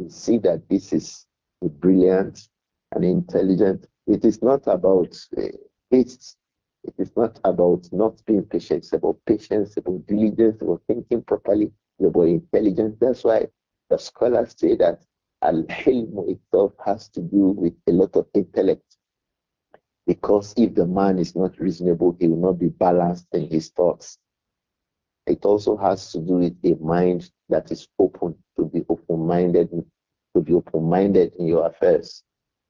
We see that this is a brilliant and intelligent. It is not about uh, It is not about not being patient. It's about patience, about diligence, about thinking properly the were intelligent. That's why the scholars say that al-hilm itself has to do with a lot of intellect. Because if the man is not reasonable, he will not be balanced in his thoughts. It also has to do with a mind that is open to be open-minded, to be open-minded in your affairs.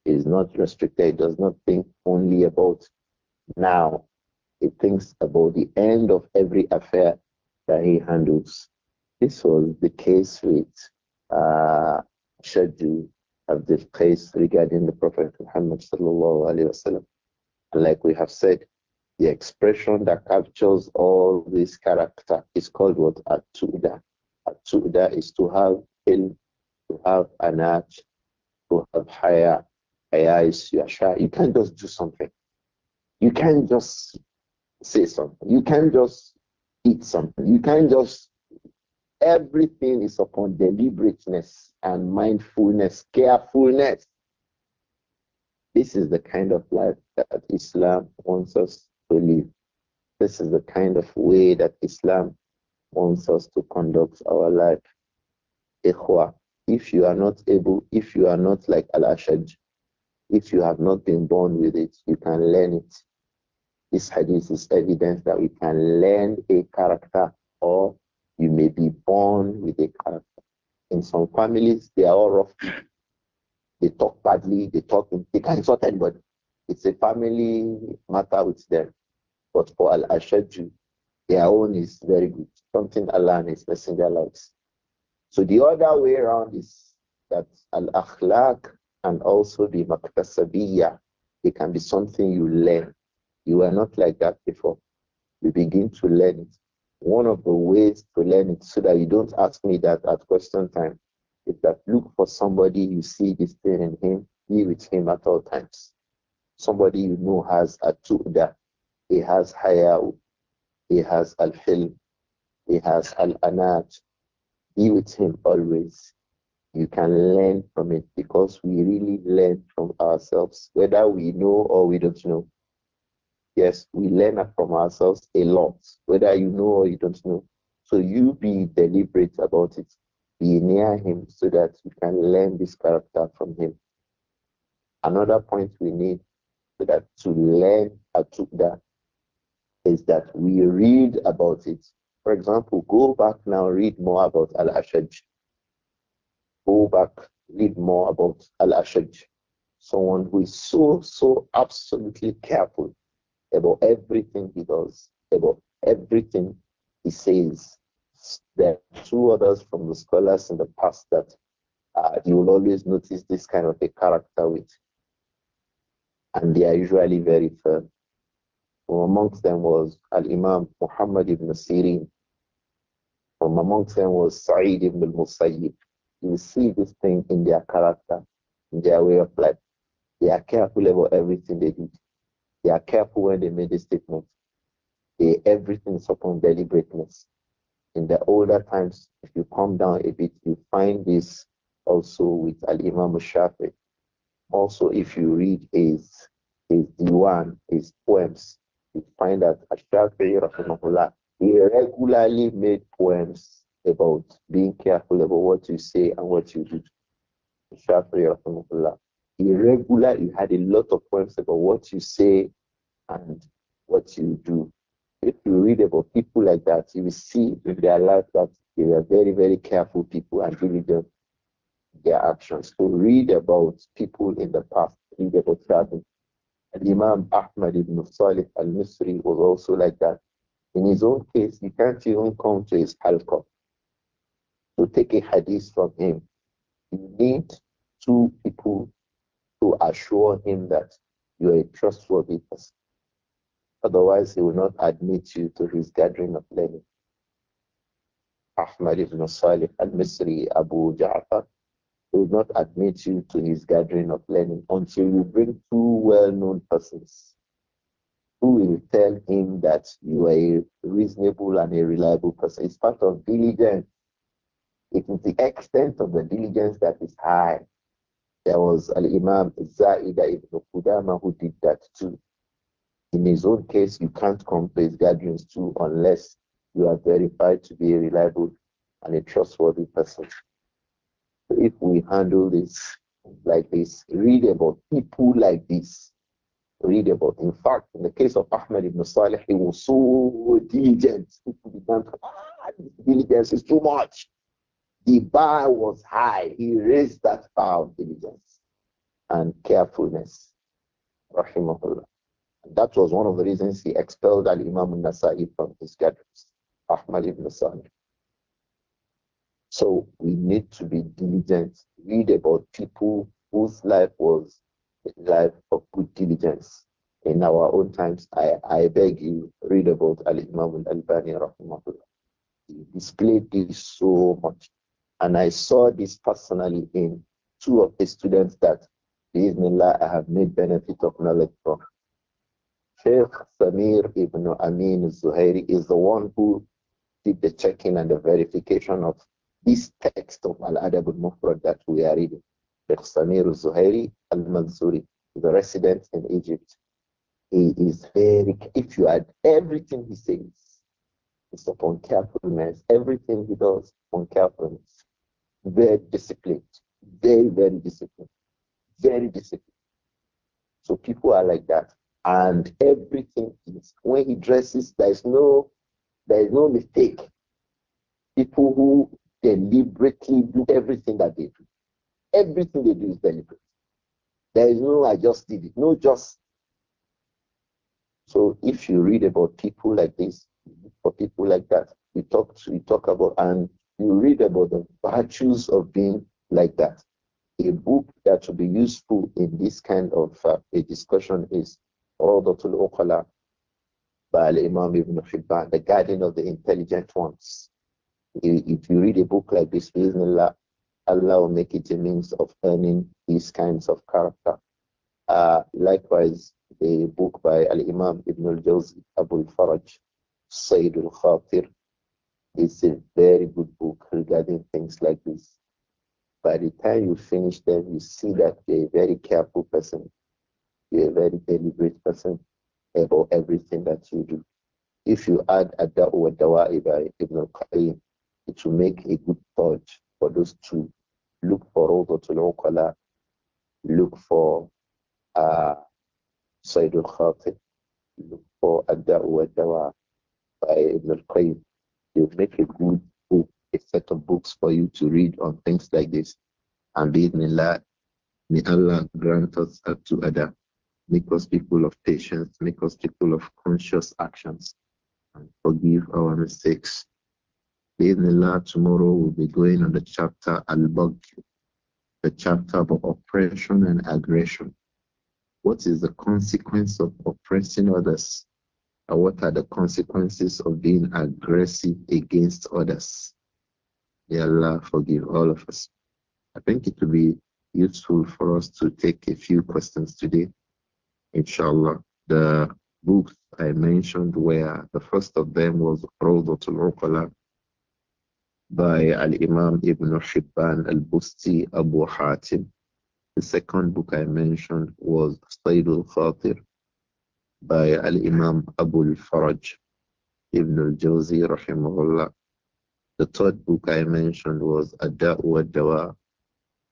It is not restricted. It does not think only about now. It thinks about the end of every affair that he handles. This was the case with uh, Shadu Abdul Qais regarding the Prophet Muhammad sallallahu alaihi wasallam. Like we have said, the expression that captures all this character is called what atuda. Atuda is to have ilm, to have anat, to have haya. Haya yasha. You can't just do something. You can't just say something. You can't just eat something. You can't just Everything is upon deliberateness and mindfulness, carefulness. This is the kind of life that Islam wants us to live. This is the kind of way that Islam wants us to conduct our life. Ikhwa, if you are not able, if you are not like Al Ashaj, if you have not been born with it, you can learn it. This hadith is evidence that we can learn a character or you may be born with a character. In some families, they are all rough. They talk badly, they talk, they can insult anybody. It's a family matter with them. But for Al Ashadu, their own is very good, something Allah and His Messenger likes. So the other way around is that Al Akhlaq and also the Maktasabiyya, it can be something you learn. You were not like that before. You begin to learn it. One of the ways to learn it so that you don't ask me that at question time is that look for somebody you see this thing in him, be with him at all times. Somebody you know has a tu'da, he has hayau, he has al-hilm, he has al-anat. Be with him always. You can learn from it because we really learn from ourselves, whether we know or we don't know. Yes, we learn from ourselves a lot, whether you know or you don't know. So you be deliberate about it. Be near him so that you can learn this character from him. Another point we need so that to learn Atukda is that we read about it. For example, go back now, read more about Al Ashaj. Go back, read more about Al Ashaj. Someone who is so, so absolutely careful about everything he does, about everything he says. There are two others from the scholars in the past that uh, you will always notice this kind of a character with, and they are usually very firm. From amongst them was Al Imam Muhammad ibn Sirin. From amongst them was Sa'id ibn al Musayyib. You see this thing in their character, in their way of life. They are careful about everything they do. They are careful when they make the statement. They everything is upon deliberateness. In the older times, if you come down a bit, you find this also with Al Imam Shafi. Also, if you read his his diwan, his poems, you find that Shafi Rahimahullah he regularly made poems about being careful about what you say and what you do. Shafi Rahimahullah. He regularly had a lot of poems about what you say and what you do. If you read about people like that, you will see in their life that they were very, very careful people and diligent their actions. So read about people in the past, read about travel. And Imam Ahmad ibn Salih al Misri was also like that. In his own case, you can't even come to his halqa to take a hadith from him. You need two people to assure him that you are a trustworthy person. Otherwise, he will not admit you to his gathering of learning. Ahmad ibn Salih al-Misri, Abu Ja'far, he will not admit you to his gathering of learning until you bring two well-known persons who will tell him that you are a reasonable and a reliable person. It's part of diligence. It is the extent of the diligence that is high. There was Al Imam Zaida ibn Qudama who did that too. In his own case, you can't come to his too unless you are verified to be a reliable and a trustworthy person. So if we handle this like this, read about people like this, read about. In fact, in the case of Ahmed ibn Salih, he was so diligent. People began to, ah, diligence is too much. The bar was high. He raised that bar of diligence and carefulness. Rahimahullah. That was one of the reasons he expelled Al Imam Nasai from his gatherings, Ahmad ibn Sa'd. So we need to be diligent, read about people whose life was a life of good diligence. In our own times, I, I beg you, read about Al Imam Al Albani, rahimahullah. He displayed this so much. And I saw this personally in two of the students that Bismillah, I have made benefit of knowledge from. Sheikh Samir ibn Amin Zuhairi is the one who did the checking and the verification of this text of Al-Adab al-Mufrad that we are reading. Sheikh Samir Zuhairi al-Mansuri, the resident in Egypt. He is very, if you add everything he says, it's upon carefulness. Everything he does on carefulness. Very disciplined. Very, very disciplined. Very disciplined. So people are like that and everything is when he dresses there is no there is no mistake people who deliberately do everything that they do everything they do is deliberate there is no i just did it no just so if you read about people like this for people like that we talk we talk about and you read about the virtues of being like that a book that will be useful in this kind of uh, a discussion is Rawdatul Uqala by Imam Ibn Hibban, the guardian of the intelligent ones. If you read a book like this, Bismillah, Allah will make it a means of earning these kinds of character. Uh, likewise, the book by Al Imam Ibn al Jawzi, Abu al Faraj, Sayyid al Khatir, is a very good book regarding things like this. By the time you finish them, you see that they are a very careful person you're a very deliberate person about everything that you do. If you add Adda'u wa Dawa'i Ibn qayyim it will make a good point for those two. Look for Rawdatul Uqala, look for uh, Sayyidul Khatib, look for Adda'u or Dawa'i by Ibn qayyim They'll make a good book, a set of books for you to read on things like this. And bi'idhnillah, may Allah grant us up to Adam. Make us people of patience. Make us people of conscious actions. And forgive our mistakes. Bismillah, tomorrow we'll be going on the chapter al baqi the chapter about oppression and aggression. What is the consequence of oppressing others? And what are the consequences of being aggressive against others? May Allah forgive all of us. I think it will be useful for us to take a few questions today inshallah. The books I mentioned were the first of them was al Uqala by Al Imam Ibn Hibban Al Busti Abu Hatim. The second book I mentioned was Sayyid al Khatir by Al Imam Abu Al Faraj Ibn Al Jawzi Rahimahullah. The third book I mentioned was Adda'u wa Dawa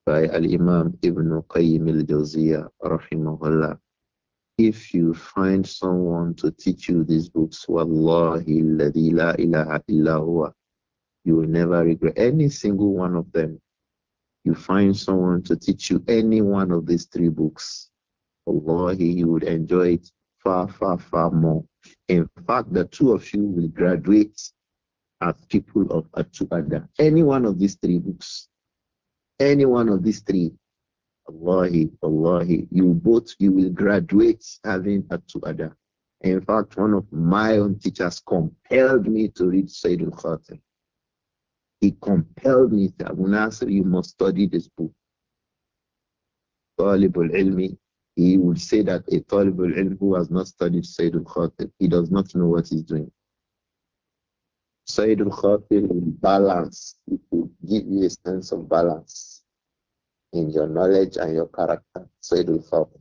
by Al Imam Ibn Qayyim Al Jawziyah Rahimahullah if you find someone to teach you these books, ilaha you will never regret any single one of them. You find someone to teach you any one of these three books, wallahi, you would enjoy it far, far, far more. In fact, the two of you will graduate as people of Atuada. Any one of these three books, any one of these three, Allahi, Allahi, you both, you will graduate having a two other. In fact, one of my own teachers compelled me to read Sayyid al-Khatim. He compelled me to Abu Nasr, you must study this book. Talibul ilmi, he would say that a Talibul ilm who has not studied Sayyid al he does not know what he's doing. Sayyid al-Khatir will balance, it will give you a sense of balance in your knowledge and your character. So it will help.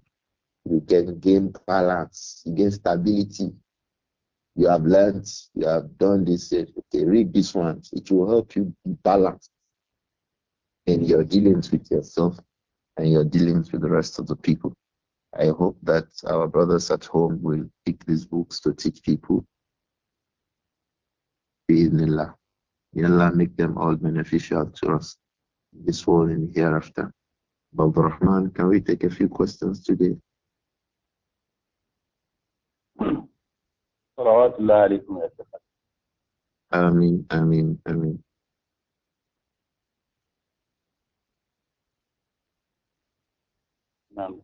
You can gain balance, you gain stability. You have learned, you have done this. Okay, read this one. It will help you be balanced in your dealings with yourself and your dealings with the rest of the people. I hope that our brothers at home will pick these books to teach people. May Allah make them all beneficial to us this world and hereafter. But Rahman, can we take a few questions today? صلوات الله عليكم يا شيخ آمين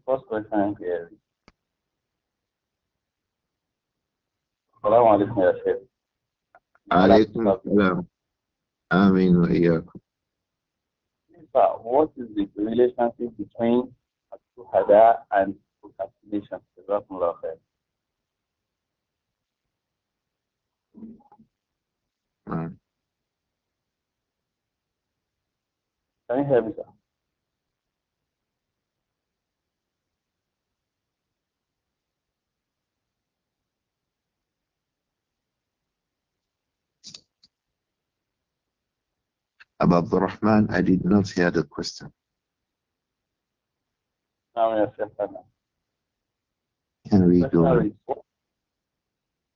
first question is السلام عليكم يا شيخ عليكم السلام آمين وإياكم Sifa, what is the relationship between Hada and procrastination? development? Can you hear me, sir? Abu al-Rahman, I did not hear the question. Can we go?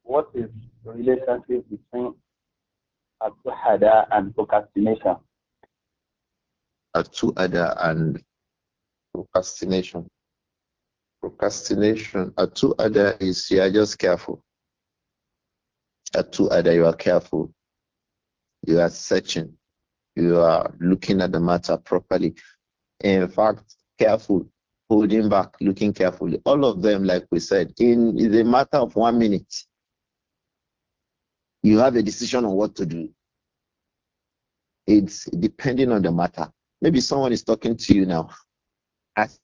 What is the relationship between Atuhada and procrastination? Atuhada and procrastination. Procrastination. Atuhada is you are just careful. Atuhada, you are careful. You are searching you are looking at the matter properly. In fact, careful, holding back, looking carefully. All of them, like we said, in is a matter of one minute. You have a decision on what to do. It's depending on the matter. Maybe someone is talking to you now. As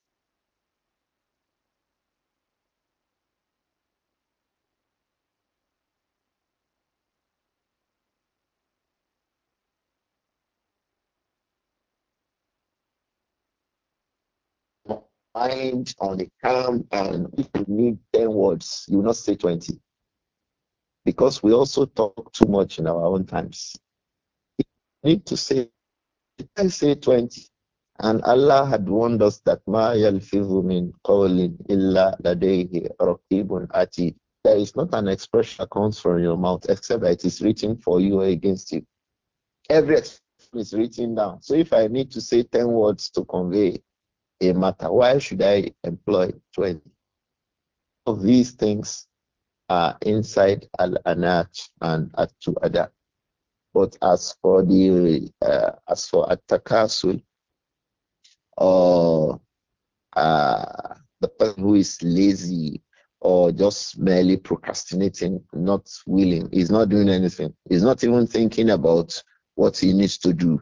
mind on the calm and if you need 10 words, you will not say 20. Because we also talk too much in our own times. You need to say, I say 20. And Allah had warned us that ma yalfizu min qawlin illa ladayhi raqibun atid. There is not an expression that comes from your mouth except that it is written for you or against you. Every expression is written down. So if I need to say 10 words to convey a matter. Why should I employ 20? Of these things are inside Al Anat and At Tu'ada. But as for the uh, as for At-Takasul or uh, the person who is lazy or just merely procrastinating, not willing, he's not doing anything, he's not even thinking about what he needs to do,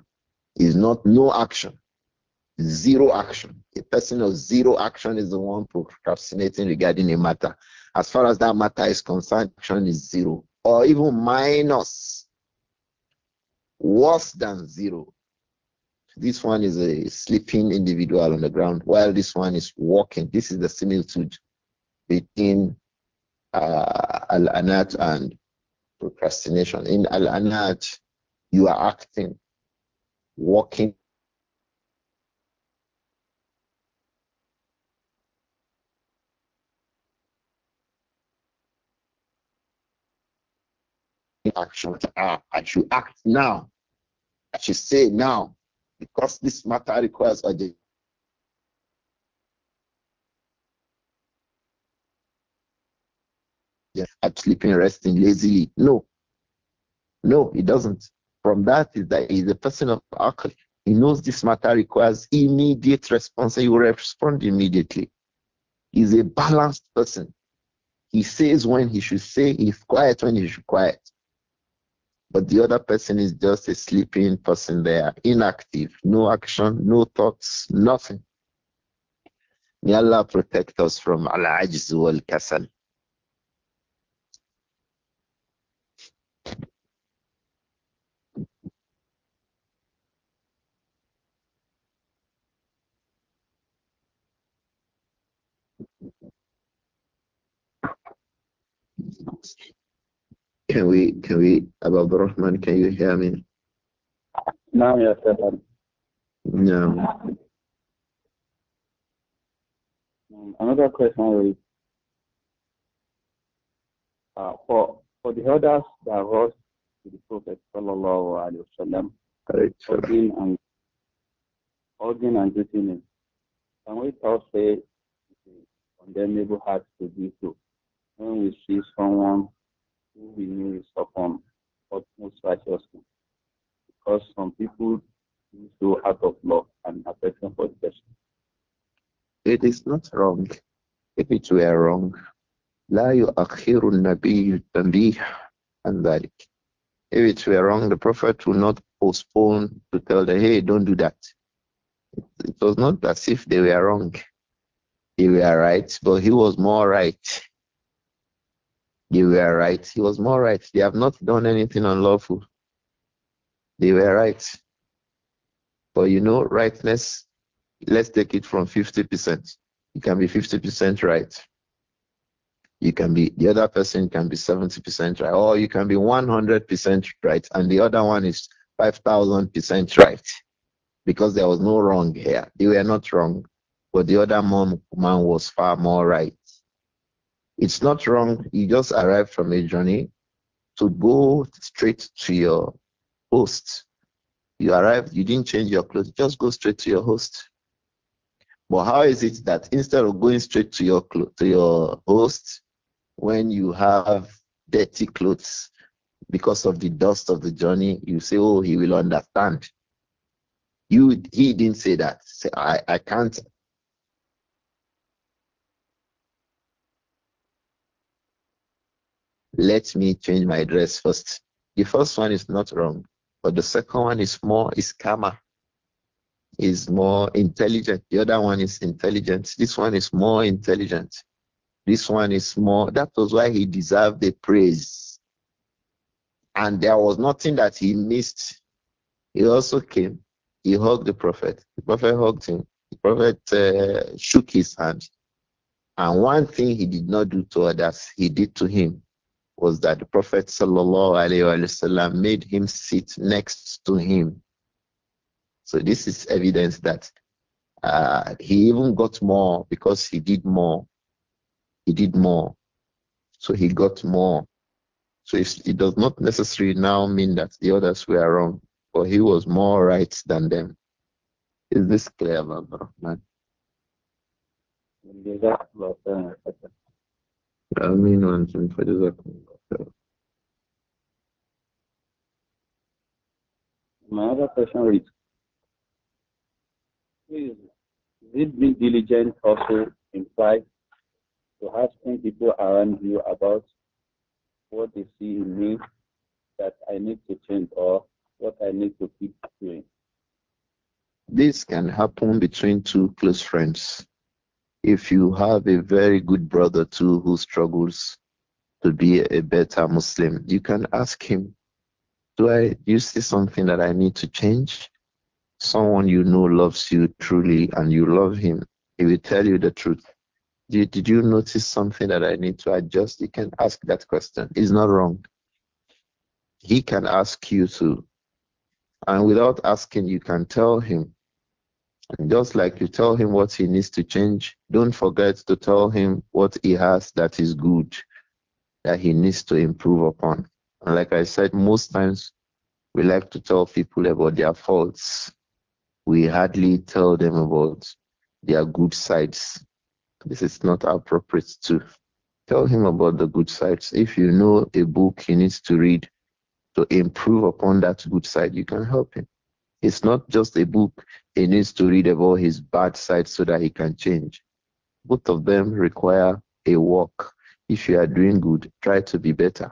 he's not no action Zero action. A person of zero action is the one procrastinating regarding a matter. As far as that matter is concerned, action is zero or even minus, worse than zero. This one is a sleeping individual on the ground, while this one is walking. This is the similitude between uh, al-anat and procrastination. In al-anat, you are acting, walking action. I should act now. I should say now. Because this matter requires I'm sleeping, resting lazily. No. No, it doesn't. From that is that he's a person of alcohol. He knows this matter requires immediate response and he will respond immediately. He's a balanced person. He says when he should say, he's quiet when he should quiet but the other person is just a sleeping person there, inactive, no action, no thoughts, nothing. May Allah protect us from al ajz kasan. kasal. Can we, can we, Abu Rahman, can you hear me? No, yes, sir. No. Um, another question is uh, for for the others that rose to the Prophet sallallahu alaihi wasallam, hugging and hugging and greeting him, can we all say it's a condemnable act to do so when we see someone who renew is upon utmost righteousness. Because some people do so out of love and affection for the person. It is not wrong. If it were wrong, لا يؤخر النبي عن ذلك. If it were wrong, the Prophet would not postpone to tell them, hey, don't do that. It, it was not as if they were wrong. They were right, but he was more right they were right. He was more right. They have not done anything unlawful. They were right. But you know, rightness, let's take it from 50%. You can be 50% right. You can be, the other person can be 70% right. Or you can be 100% right. And the other one is 5,000% right. Because there was no wrong here. They were not wrong. But the other man was far more right. It's not wrong. You just arrived from a journey to go straight to your host. You arrived, you didn't change your clothes, just go straight to your host. But how is it that instead of going straight to your to your host when you have dirty clothes because of the dust of the journey, you say, "Oh, he will understand." You he didn't say that. Say, I I can't let me change my dress first. The first one is not wrong, but the second one is more is is more intelligent. The other one is intelligent. This one is more intelligent. This one is more. That was why he deserved the praise. And there was nothing that he missed. He also came. He hugged the prophet. The prophet hugged him. The prophet uh, shook his hand. And one thing he did not do to others, he did to him was that the Prophet وسلم, made him sit next to him. So this is evidence that uh, he even got more because he did more. He did more. So he got more. So it does not necessarily now mean that the others were wrong, but he was more right than them. Is this clear, Abrahman? I mean, my other question is did being diligent also imply to asking people around you about what they see in me that I need to change or what I need to keep doing? This can happen between two close friends. If you have a very good brother too who struggles to be a better Muslim. You can ask him, Do I you see something that I need to change? Someone you know loves you truly and you love him. He will tell you the truth. Did, did you notice something that I need to adjust? You can ask that question. It's not wrong. He can ask you to. And without asking, you can tell him. And just like you tell him what he needs to change, don't forget to tell him what he has that is good that he needs to improve upon. And like I said, most times we like to tell people about their faults. We hardly tell them about their good sides. This is not appropriate to tell him about the good sides. If you know a book he needs to read to improve upon that good side, you can help him. It's not just a book he needs to read about his bad side so that he can change. Both of them require a work if you are doing good, try to be better.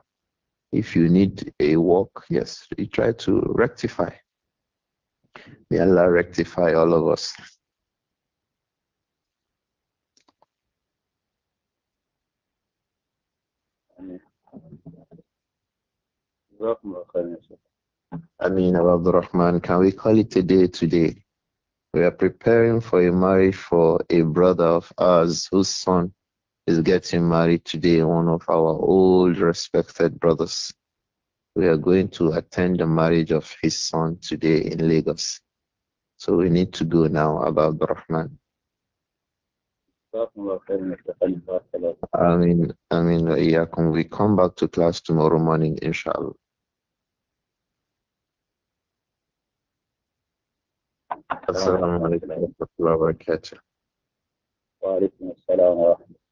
If you need a walk, yes, try to rectify. May Allah rectify all of us. I mean, Rahman. can we call it a day today? We are preparing for a marriage for a brother of ours whose son is getting married today, one of our old respected brothers. We are going to attend the marriage of his son today in Lagos. So we need to do now about Rahman. I mean, I mean, we come back to class tomorrow morning, inshallah? السلام عليكم ورحمة الله وبركاته. وعليكم السلام ورحمة الله.